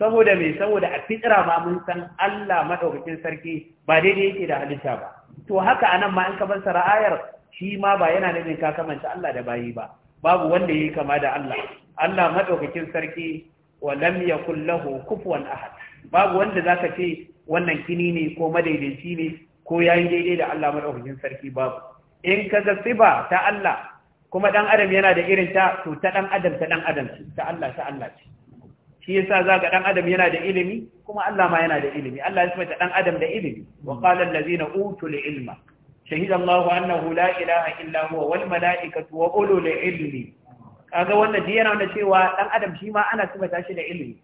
saboda me saboda a fitira ma mun san Allah madaukakin sarki ba daidai yake da halitta ba to haka anan ma in ka bar ayar shi ma ba yana nufin ka kamanta Allah da bayi ba babu wanda yi kama da Allah Allah madaukakin sarki wa lam yakul lahu kufuwan ahad babu wanda zaka ce wannan kini ne ko madaidaici ne ko yayi daidai da Allah madaukakin sarki babu in ka ga siba ta Allah kuma dan adam yana da irin ta to ta dan adam ta dan adam ta Allah ta Allah ce shi yasa za ga dan adam yana da ilimi kuma Allah ma yana da ilimi Allah ya sifata dan adam da ilimi wa qala allazina utul ilma shahida Allahu annahu la ilaha illa huwa wal malaikatu wa ulul ilmi kaga wannan dai yana nuna cewa dan adam shi ma ana sifata shi da ilimi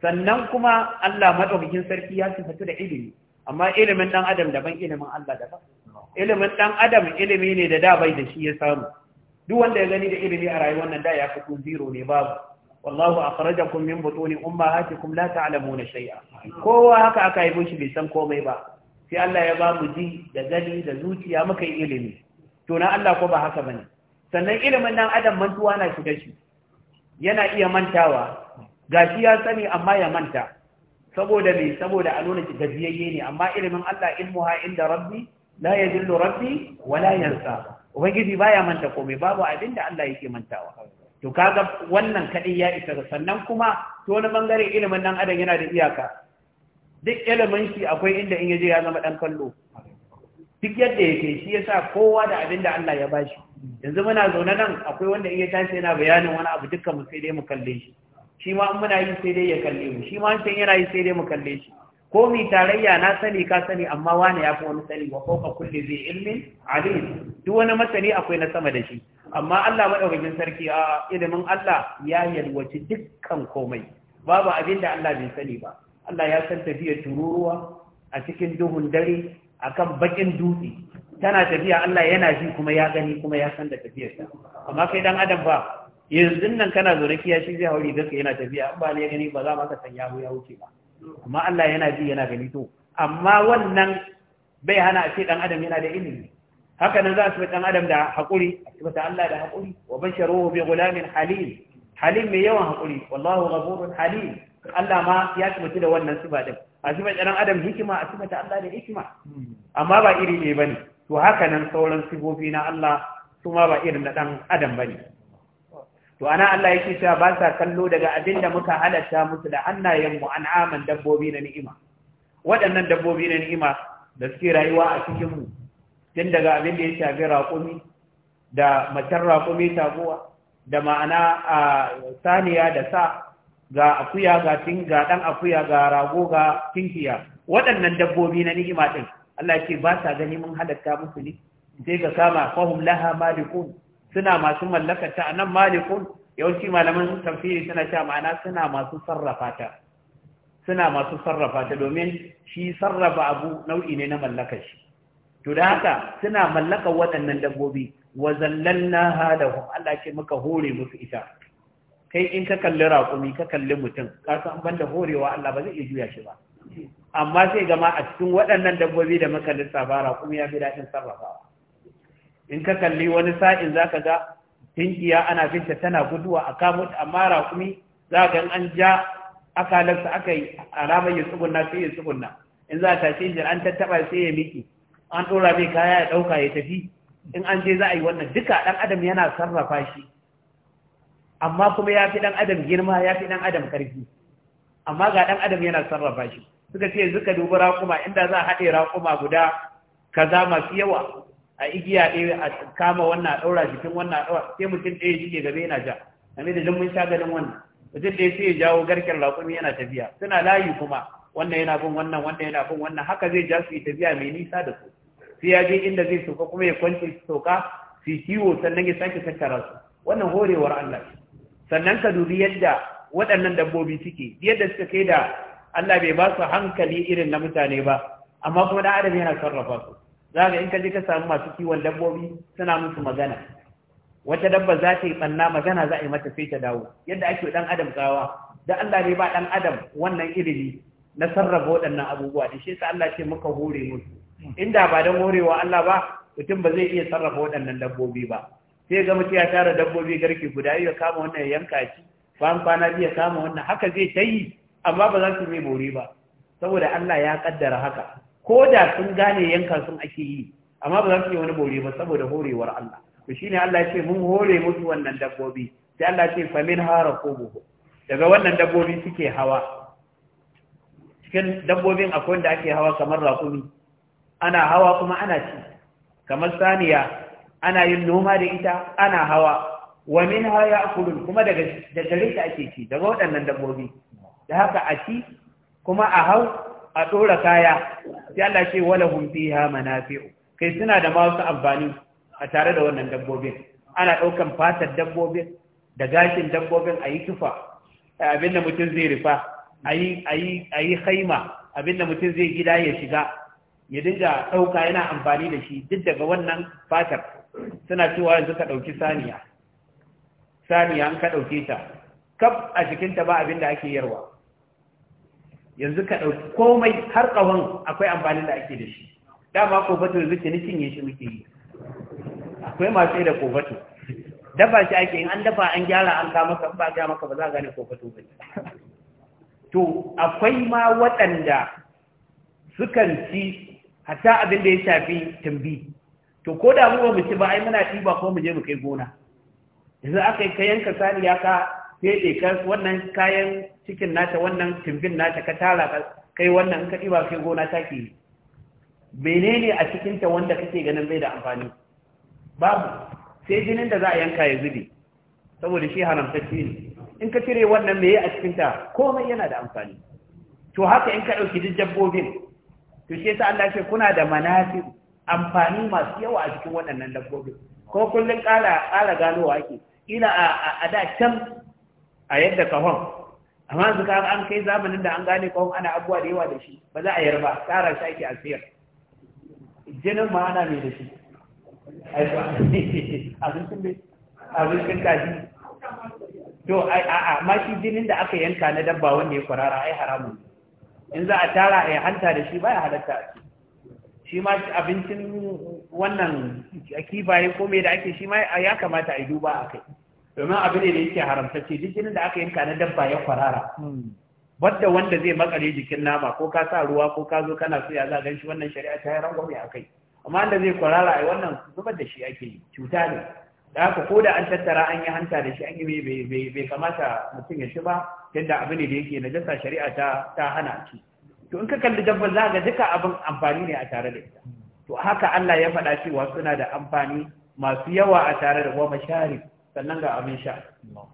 sannan kuma Allah madaukakin sarki ya sifatu da ilimi amma ilimin dan adam daban ilimin Allah daban ilimin dan adam ilimi ne da da bai da shi ya samu duk wanda ya gani da ilimi a rayuwar nan da ya fito zero ne babu wallahu akhrajakum min butuni ummahatikum la ta'lamuna shay'a kowa haka aka haife shi bai san komai ba sai Allah ya ba mu ji da gani da zuciya muka yi ilimi to na Allah ko ba haka bane sannan ilimin nan adam mantuwa na shiga shi yana iya mantawa gashi ya sani amma ya manta saboda me saboda a nuna gajiyayye ne amma ilimin Allah ilmuha inda rabbi la yadillu rabbi wala yansa ubangiji baya manta komai babu abin da Allah yake mantawa to kaga wannan kaɗai ya isa sannan kuma to wani bangare ilimin nan adam yana da iyaka duk ilimin shi akwai inda in yaje ya zama dan kallo duk yadda yake shi yasa kowa da abinda Allah ya bashi yanzu muna zaune nan akwai wanda in ya tashi yana bayanin wani abu dukkan mu sai dai mu kalle shi shi ma in muna yi sai dai ya kalle mu shi ma in yana yi sai dai mu kalle shi ko mi tarayya na sani ka sani amma wani ya fi wani sani wa fauka kulli zai ilmin alim duk wani masani akwai na sama da shi amma Allah madaukakin sarki a ilimin Allah ya yalwaci dukkan komai babu abin da Allah bai sani ba Allah ya san tafiya tururuwa a cikin duhun dare akan bakin dutse tana tafiya Allah yana ji kuma ya gani kuma ya san da tafiyarta. amma kai dan adam ba yanzu nan kana zo rakiya shi zai hauri gaske yana tafiya amma ne gani ba za ma ka san ya ya wuce ba amma Allah yana ji yana gani to amma wannan bai hana a ce dan adam yana da ilimi haka nan za su bi dan adam da hakuri a sifata Allah da hakuri wa basharuhu bi gulamin halim halim mai yawan hakuri wallahu ghafurun halim Allah ma ya mutu da wannan sifa din a sifata dan adam hikima a sifata Allah da hikima amma ba iri ne bane to haka nan sauran sifofi na Allah su ma ba irin na dan adam bane to ana Allah yake cewa ba sa kallo daga abinda muka halatta musu da hannayenmu an'aman dabbobi na ni'ima waɗannan dabbobi na ni'ima da suke rayuwa a cikinmu tun daga abin da ya shafi raƙumi da macen raƙumi taguwa da ma'ana a saniya da sa ga akuya ga ga dan akuya ga rago ga tinkiya waɗannan dabbobi na ni'ima ɗin Allah yake ba sa gani mun halatta musu ne sai ga kama fahum laha malikun suna masu mallakata ta anan malikun yawanci malaman tafsiri suna cewa ma'ana suna masu sarrafa ta suna masu sarrafa ta domin shi sarrafa abu nau'i ne na mallaka shi to da haka suna mallaka waɗannan dabbobi wa zallalna lahum Allah ce muka hore musu ita kai in ka kalli raƙumi ka kalli mutum ka san banda horewa Allah ba zai iya juya shi ba amma sai gama a cikin waɗannan dabbobi da muka lissafa raƙumi ya fi daɗin sarrafawa in ka kalli wani sa'in za ka ga tinkiya ana finta tana guduwa a kamo amma raƙumi za ka an ja akalarsa aka yi alamar ya tsugunna sai ya tsugunna in za a tashi injin an tattaɓa sai ya miki an ɗora mai kaya ya ɗauka ya tafi in an je za a yi wannan duka ɗan adam yana sarrafa shi amma kuma ya fi ɗan adam girma ya fi ɗan adam ƙarfi amma ga ɗan adam yana sarrafa shi suka ce yanzu ka dubi raƙuma inda za a haɗe raƙuma guda kaza masu yawa a igiya ɗaya a kama wannan a ɗaura jikin wannan a ɗaura sai mutum ɗaya shi gaba yana ja game da mun sha ganin wannan mutum ɗaya sai ya jawo garken laƙumi yana tafiya suna layi kuma wannan yana bin wannan wannan yana bin wannan haka zai ja su yi tafiya mai nisa da su sai ya je inda zai soka kuma ya kwance su soka su kiwo sannan ya sake tattara su wannan horewar Allah sannan ka dubi yadda waɗannan dabbobi suke yadda suka kai da Allah bai ba su hankali irin na mutane ba amma kuma da adam yana sarrafa su za ga in ka je ka samu masu kiwon dabbobi suna musu magana wata dabba za ta yi ɓanna magana za a yi mata sai ta dawo yadda ake dan adam tsawa da Allah ne ba dan adam wannan ilimi na sarrafa waɗannan abubuwa da shi sa Allah ce muka hore musu inda ba dan horewa Allah ba mutum ba zai iya sarrafa waɗannan dabbobi ba sai ga mutum ya tara dabbobi garke guda ya kama wannan yanka ci bayan kwana biya kama wannan haka zai ta yi amma ba za su mai bore ba saboda Allah ya kaddara haka ko da sun gane yanka sun ake yi amma ba za su yi wani bore ba saboda horewar Allah to shine Allah ya ce mun hore musu wannan dabbobi sai Allah ya ce famin hara kobo daga wannan dabbobi suke hawa cikin dabbobin akwai wanda ake hawa kamar raƙumi ana hawa kuma ana ci kamar saniya ana yin noma da ita ana hawa wa min ha ya'kulun kuma daga daga ta ake ci daga waɗannan dabbobi da haka a ci kuma a hau a ɗora kaya sai Allah ce wala hum fiha manafi'u kai suna da masu amfani a tare da wannan dabbobin ana daukan fatar dabbobin da gashin dabbobin ayi tufa abinda mutum zai rufa ayi ayi ayi khaima abinda mutum zai gida ya shiga ya dinga dauka yana amfani da shi duk daga wannan fatar suna cewa yanzu ka dauki saniya saniya an ka dauke ta kaf a ta ba abinda ake yarwa yanzu ka ɗauki komai har ƙahon akwai amfanin da ake da shi dama kofato yanzu ce ni cinye shi muke yi akwai masu da kofato dafa shi ake yin an dafa an gyara an kama ka ba ga maka ba za gane kofato ba to akwai ma waɗanda sukan ci hata abin da ya shafi tambi to ko da mu ba mu ci ba ai muna ɗiba ko mu je mu kai gona yanzu aka yi ka yanka saniya ka fede ka wannan kayan cikin nata wannan tumbin nata ka tara kai wannan ka ɗiba kai gona take menene a cikinta wanda kake ganin bai da amfani babu sai jinin da za a yanka ya zube saboda shi haramtacce ne in ka cire wannan meye a cikinta komai yana da amfani to haka in ka ɗauki duk dabbobin to shi yasa Allah ce kuna da manafi amfani masu yawa a cikin waɗannan dabbobin ko kullun ƙara ƙara ganowa ake ila a da can a yadda kahon amma su kaga an kai zamanin da an gane kahon ana abuwa da yawa da shi ba za a yar ba tsara shi ake a siyar jinin ma ana mai da shi abincin kashi. to a'a ma shi jinin da aka yanka na dabba wanda ya kwarara ai haramun in za a tara a hanta da shi baya halatta a shi ma abincin wannan kifaye ko mai da ake shi ma ya kamata a yi duba a kai domin abu ne da yake haramtacce duk jinin da aka yanka na dabba ya kwarara wadda wanda zai makale jikin nama ko ka sa ruwa ko ka zo kana so ya za gan wannan shari'a ta yaran a akai amma wanda zai kwarara ai wannan zubar da shi ake yi cuta ne da haka ko da an tattara an yi hanta da shi an yi bai kamata mutum ya ci ba tunda abu ne da yake najasa shari'a ta ta hana ci to in ka kalli dabba za ga duka abin amfani ne a tare da ita to haka Allah ya faɗa cewa suna da amfani masu yawa a tare da goma sharif sannan ga abin sha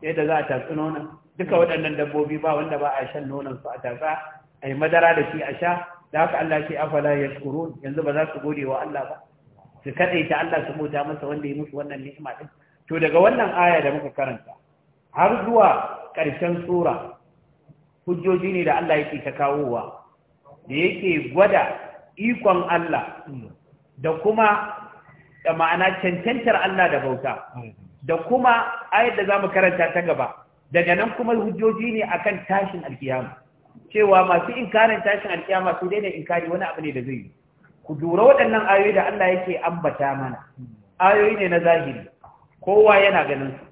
yadda za a tatsi nonon duka mm. waɗannan dabbobi ba wanda ba a shan nonon su a tatsa a yi madara da shi a sha da haka Allah ce afala ya shukuru yanzu ba za su gode wa Allah ba su kaɗai ta Allah su bauta masa wanda ya musu wannan ni'ima ɗin to daga wannan aya da muka karanta har zuwa ƙarshen sura hujjoji ne da Allah yake ta kawowa da yake gwada ikon Allah mm. da kuma da ma'ana cancantar Allah da bauta mm. da kuma yadda da zamu karanta ta gaba daga nan kuma hujjoji ne akan tashin alkiyama cewa masu inkarin tashin alkiyama su daina inkari wani abu ne da zai yi ku dura waɗannan ayoyi da Allah yake ambata mana ayoyi ne na zahiri kowa yana ganin su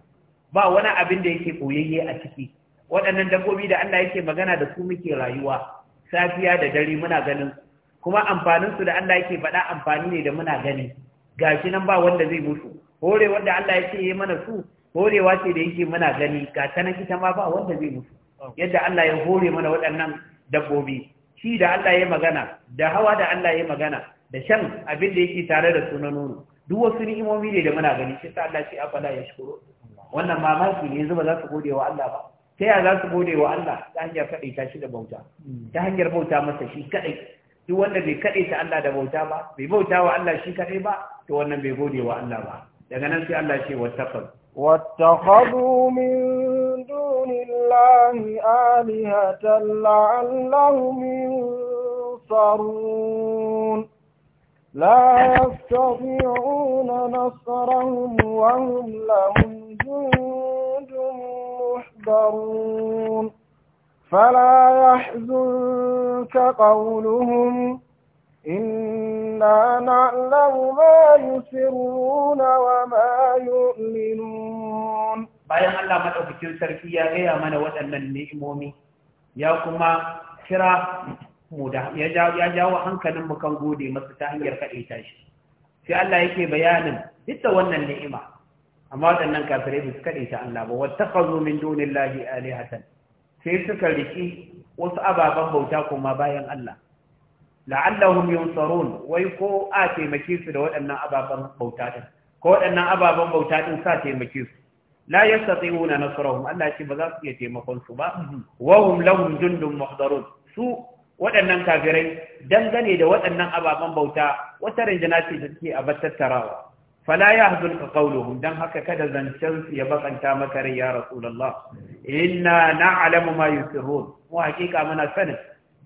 ba wani abin da yake koyayye a ciki waɗannan dabbobi da Allah yake magana da su muke rayuwa safiya da dare muna ganin kuma amfanin su da Allah yake faɗa amfani ne da muna gani gashi nan ba wanda zai mutu hore wanda Allah ya ce ya mana su horewa ce da yake muna gani ga ta ita ma ba wanda zai mutu oh. yadda Allah ya hore mana waɗannan dabbobi shi da Allah ya magana da hawa da Allah ya magana da shan abin da yake tare da sunan nono duk wasu ni'imomi ne da muna gani shi sa Allah ce afala ya shukuru wannan mamaki ne yanzu ba za su gode wa Allah ba ta yaya za su gode wa Allah ta hanyar kaɗai ta shi da bauta hmm. ta hanyar bauta masa shi kaɗai duk wanda bai kaɗai ta Allah da bauta ba bai bauta wa Allah shi kaɗai ba to wannan bai gode wa Allah ba daga nan sai Allah ce wattaqad wattaqadu min dunillahi alihatan la'allahum yunsarun لا يستطيعون نصرهم وهم لهم جند محضرون فلا يحزنك قولهم إنا نعلم ما يسرون وما يؤمنون bayan Allah madaukakin sarki ya gaya mana waɗannan ni'imomi ya kuma kira mu da ya jawo hankalin mu kan gode masa ta hanyar kaɗaita shi sai Allah yake bayanin duk wannan ni'ima amma waɗannan kafirai ba su kaɗaita Allah ba wattakazu min dunillahi alihatan sai suka riki wasu ababen bauta kuma bayan Allah la'allahum yunsarun wai ko a taimake su da waɗannan ababen bauta din ko waɗannan ababen bauta din sa taimake su la yastati'una nasrahum Allah ce ba za su iya taimakon su ba mhm. wa hum lahum jundun muhdarun su waɗannan kafirai dangane da waɗannan ababen bauta wata rinjina ce da suke a battattarawa fala yahdunka qawluhum dan haka kada zancen su ya bakanta maka rai ya rasulullah inna na'lamu ma yusirrun mu hakika muna sanin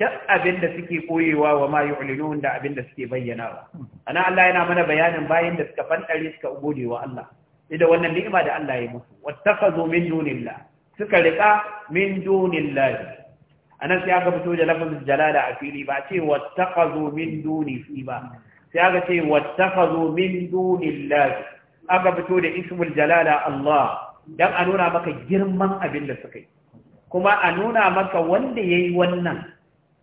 duk abin da suke koyewa wa ma yu'linun da abin da suke bayyanawa ana Allah yana mana bayanin bayan da suka fantare suka gode wa Allah da wannan ni'ima da Allah ya musu wattakhadhu min dunillah suka rika min dunillah anan sai aka fito da lafazin jalala a fili ba ce wattakhadhu min dunihi ba sai aka ce wattakhadhu min dunillah aka fito da ismul jalala Allah dan a nuna maka girman abin da suka yi kuma a nuna maka wanda yayi wannan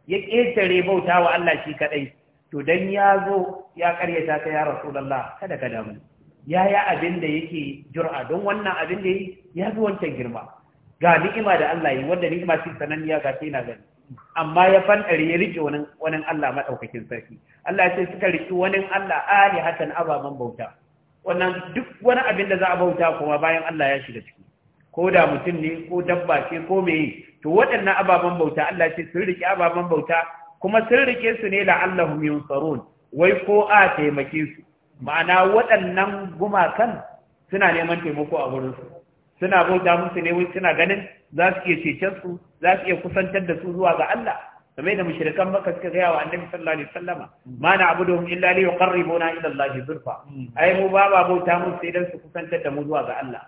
ya ƙetare bauta wa Allah shi kaɗai to don ya zo ya ƙaryata ka ya lalla kada ka damu ya yi abin da yake jur'a don wannan abin da yi ya fi wancan girma ga ni'ima da Allah yi wanda ni'ima shi sananniya ga sai na gani amma ya fanɗare ya rike wani Allah maɗaukakin sarki Allah ya ce suka riƙe wani Allah ali hatan ababen bauta wannan duk wani abin da za a bauta kuma bayan Allah ya shiga ciki ko da mutum ne ko dabba ce ko meye to waɗannan ababen bauta Allah ce sun rike ababen bauta kuma sun rike su ne la'allahum yunsarun wai ko a taimake su ma'ana waɗannan gumakan suna neman taimako a wurin su suna bauta musu ne wai suna ganin za su iya cecen su za su iya kusantar da su zuwa ga Allah kamar da mushrikan maka suka gaya wa annabi sallallahu alaihi wasallama ma na abuduhum illa li ila Allah zulfa hmm. ai mu baba bauta musu sai dan su kusantar da mu zuwa ga Allah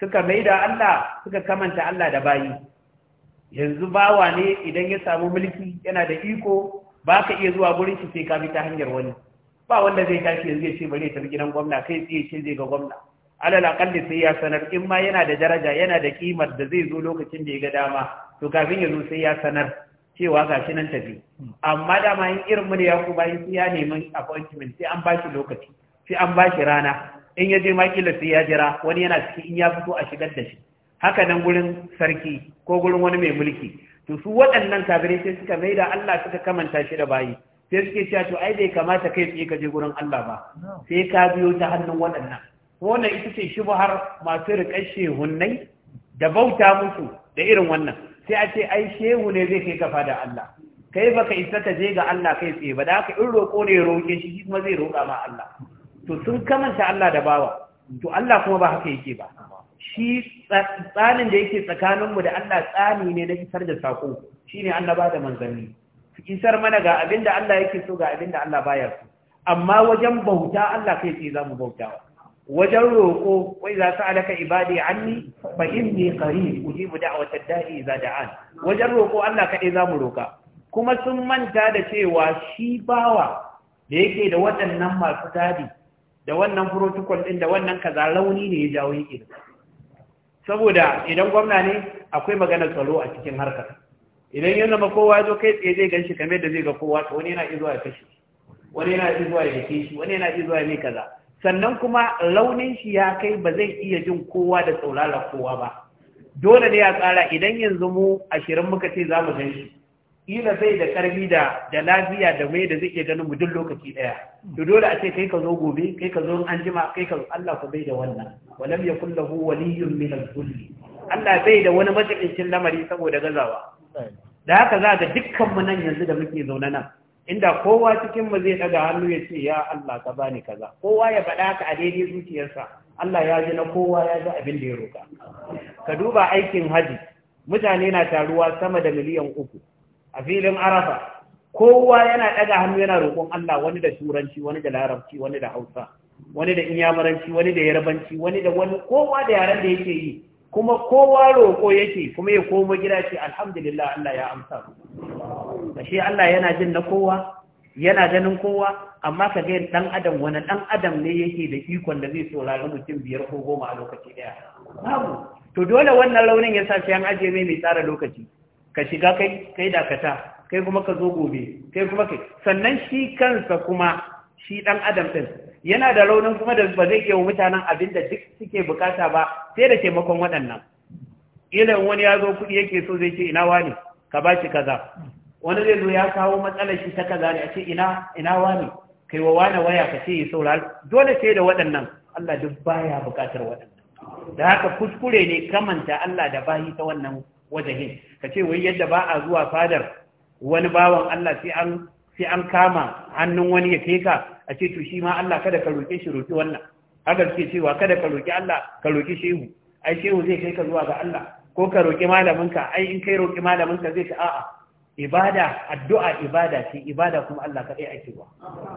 suka mai da Allah suka kamanta Allah da bayi yanzu bawa ne idan ya samu mulki yana da iko ba ka iya zuwa gurin shi sai ka bi ta hanyar wani ba wanda zai tashi yanzu ya ce bari ya tafi gidan gwamna kai tsaye ce zai ga gwamna alal aqalli sai ya sanar in ma yana da daraja yana da kimar da zai zo lokacin da ya ga dama to kafin ya zo sai ya sanar cewa gashi nan tafi amma dama in irin mu ne ya ku bayan sai ya nemi appointment sai an ba shi lokaci sai an ba shi rana in ya je makila sai ya jira wani yana ciki in ya fito a shigar da shi haka nan gurin sarki ko gurin wani mai mulki to su waɗannan kafirai sai suka maida Allah suka kamanta shi da bayi sai suke cewa to ai bai kamata kai tsaye ka je gurin Allah ba sai ka biyo ta hannun waɗannan wannan ita ce shi har masu riƙar shehunnai da bauta musu da irin wannan sai a ce ai shehu ne zai kai kafa da Allah kai baka isa ka je ga Allah kai tsaye ba da haka in roƙo ne roƙe shi kuma zai roƙa ma Allah to sun kamanta Allah da bawa to Allah kuma ba haka yake ba shi tsanin da yake tsakaninmu da Allah tsani ne na isar da sako shine annaba da manzanni isar mana ga abinda Allah yake so ga abinda Allah baya so amma wajen bauta Allah kai ce zamu bauta wajen roƙo wai za su alaka ibadi anni fa inni qarib ujibu da'watad da'i idza da'an wajen roƙo Allah kai zamu roƙa kuma sun manta da cewa shi bawa da yake da waɗannan masu tadi da wannan protocol din da wannan kaza launi ne ya jawo yake saboda idan gwamna ne akwai maganar tsaro a cikin harkar idan ya zama kowa zo kai tsaye zai ganshi kamar da zai ga kowa to wani yana iya zuwa ya kashe wani yana iya zuwa ya dake shi wani yana iya zuwa ya mai kaza sannan kuma launin shi ya kai ba zai iya jin kowa da tsaurara kowa ba dole ne ya tsara idan yanzu mu ashirin muka ce za mu gan ila zai da karfi da da lafiya da mai da zai iya ganin mu duk lokaci daya to dole a ce kai ka zo gobe kai ka zo an jima kai ka Allah ku bai da wannan walam yakul lahu waliyyun min al-kulli Allah bai da wani matsakaicin lamari saboda gazawa da haka za ga dukkan mu nan yanzu da muke zaune nan inda kowa cikin mu zai daga hannu ya ce ya Allah ka bani kaza kowa ya faɗa ka a daidai zuciyarsa Allah ya ji na kowa ya ji abin da ya roka ka duba aikin haji mutane na taruwa sama da miliyan uku a filin arafa kowa yana ɗaga hannu yana roƙon Allah wani da turanci wani da larabci wani da hausa wani da inyamuranci wani da yarbanci wani da wani kowa da yaren da yake yi kuma kowa roƙo yake kuma ya koma gida ce alhamdulillah Allah ya amsa ashe Allah yana jin na kowa yana ganin kowa amma ka ga dan adam wani dan adam ne yake da ikon da zai saurari mutum biyar ko goma a lokaci daya babu to dole wannan launin ya sa sai an ajiye mai tsara lokaci ka shiga kai kai dakata kai kuma ka zo gobe kai kuma kai sannan shi kansa kuma shi dan adam din yana da raunin kuma da ba zai iya mutanen abin da duk suke bukata ba sai da taimakon waɗannan idan wani ya zo kuɗi yake so zai ce ina wani ka ba shi kaza wani zai zo ya kawo matsalar shi ta kaza ne a ce ina ina wani kai wa wani waya ka ce ya saurari? dole sai da waɗannan Allah duk baya bukatar waɗannan da haka kuskure ne kamanta Allah da bayi ta wannan wajahin ka ce wai yadda ba a zuwa fadar wani bawan Allah sai an an kama hannun wani ya kai ka a ce to shi ma Allah kada ka roƙe shi roki wannan haka suke cewa kada ka roki Allah ka roki shehu ai shehu zai kai ka zuwa ga Allah ko ka roki malaminka ai in kai malamin malaminka zai ka a'a ibada addu'a ibada ce ibada kuma Allah kaɗai ake wa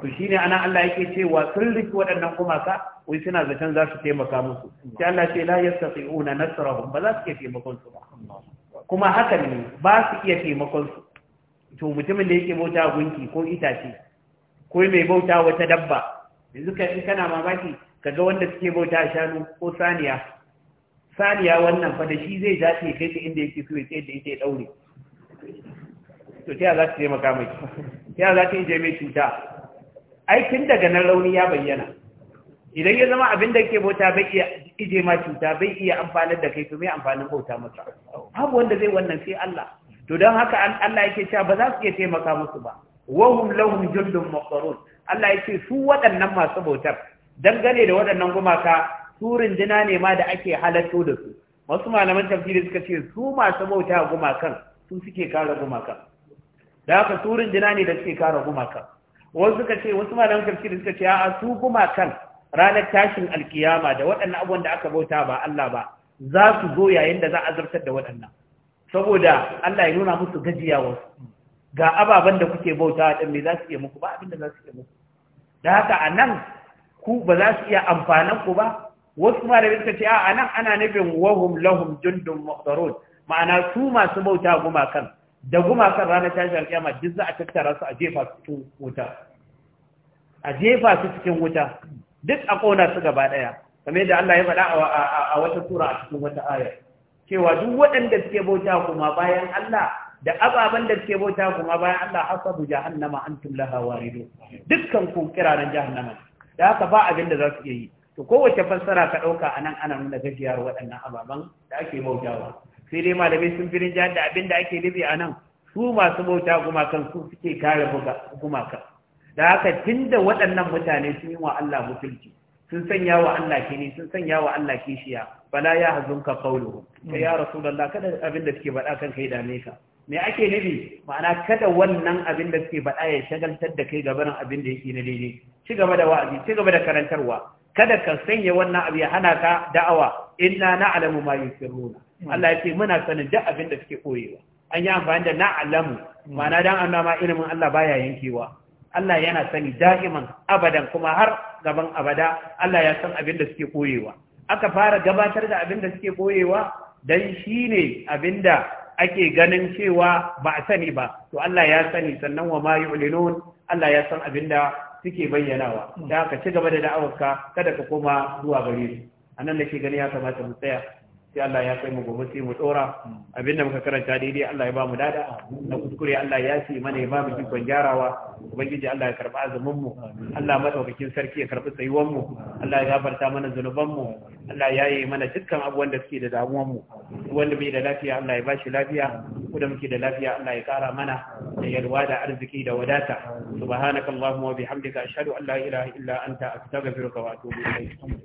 to shine ana Allah yake cewa sun riki waɗannan gumaka wai suna zaton za su taimaka musu sai Allah ce la yastati'una nasrahum ba za su ke taimakon su ba kuma hakan ne ba su iya taimakon su to mutumin da yake bauta gunki ko itace ko mai bauta wata dabba yanzu ka in kana mamaki ga wanda suke bauta shanu ko saniya saniya wannan fa da shi zai dace kai ta inda yake so ya tsaye da ita ya daure to ta za ta taimaka mai ta za ta je mai cuta Aikin daga nan rauni ya bayyana idan ya zama abin da ke bauta bai iya ije ma cuta bai iya amfanar da kai to mai amfanin bauta masa babu wanda zai wannan sai Allah to don haka Allah yake cewa ba za su iya taimaka musu ba wahum lahum jundun muqarrun Allah yake su waɗannan masu bautar dangane da waɗannan gumaka su jina ne ma da ake halatto da su wasu malaman tafsiri suka ce su masu bauta gumakan su suke kare gumakan da haka su jina ne da suke kare gumakan wasu suka ce wasu malaman tafsiri suka ce a'a su gumakan ranar tashin alkiyama da waɗannan abubuwan da aka bauta ba Allah ba za su zo yayin da za a zartar da waɗannan saboda Allah ya nuna musu gajiyawa ga ababen da kuke bauta ɗin me za su iya muku ba abin da za su iya muku da haka a nan ku ba za su iya amfanan ku ba wasu ma da suka ce a nan ana nufin wahum lahum jundun muhdarun ma'ana su masu bauta gumakan da gumakan ranar tashin alkiyama duk za a tattara su a jefa a jefa su cikin wuta duk a kona su gaba ɗaya, kamar yadda Allah ya faɗa a wata sura a cikin wata aya cewa duk waɗanda suke bauta kuma bayan Allah da ababen da suke bauta kuma bayan Allah hasabu jahannama antum laha waridu dukkan ku kiraran jahannama da haka ba abin da za su iya yi to kowace fassara ka ɗauka a nan ana nuna gajiyar waɗannan ababen da ake bautawa sai dai malamai sun firin jihar da abin da ake nufi a nan su masu bauta kan su suke kare gumakan da haka da waɗannan mutane sun yi wa Allah mutunci sun sanya wa Allah kini sun sanya wa Allah kishiya bala ya hazunka qawluhum kai ya rasulullah kada abin da suke faɗa kan kai dame ka me ake nufi ma'ana kada wannan abin da suke faɗa ya shagaltar da kai gaban abin da yake na daidai ci gaba da wa'azi ci gaba da karantarwa kada ka sanya wannan abu ya hana ka da'awa inna na'lamu ma yusirruna Allah ya ce muna sanin duk abin da suke koyewa an yi amfani da na'lamu ma'ana dan annama ilimin Allah baya yankewa Allah yana sani da'iman abadan kuma har gaban abada Allah ya san abin da suke koyewa aka fara gabatar da abin da suke koyewa dan shine abin da ake ganin cewa ba a sani ba to Allah ya sani sannan wa ma yu'linun Allah ya san abin da suke bayyanawa da ka ci gaba da da'awarka kada ka koma zuwa gare su anan nake gani ya kamata mu tsaya sai Allah ya kai mu gobe sai mu tsora abinda muka karanta daidai Allah ya ba mu dada na kuskure Allah ya ce mana ya ba mu jikon gyarawa ubangiji Allah ya karba azumin mu Allah madaukakin sarki ya karbi tsayuwan mu Allah ya gafarta mana zunuban mu Allah ya yi mana dukkan abubuwan da suke da damuwan mu wanda bai da lafiya Allah ya bashi lafiya ku da muke da lafiya Allah ya kara mana da yalwa da arziki da wadata subhanakallahumma wa bihamdika ashhadu an la ilaha illa anta astaghfiruka wa atubu ilayk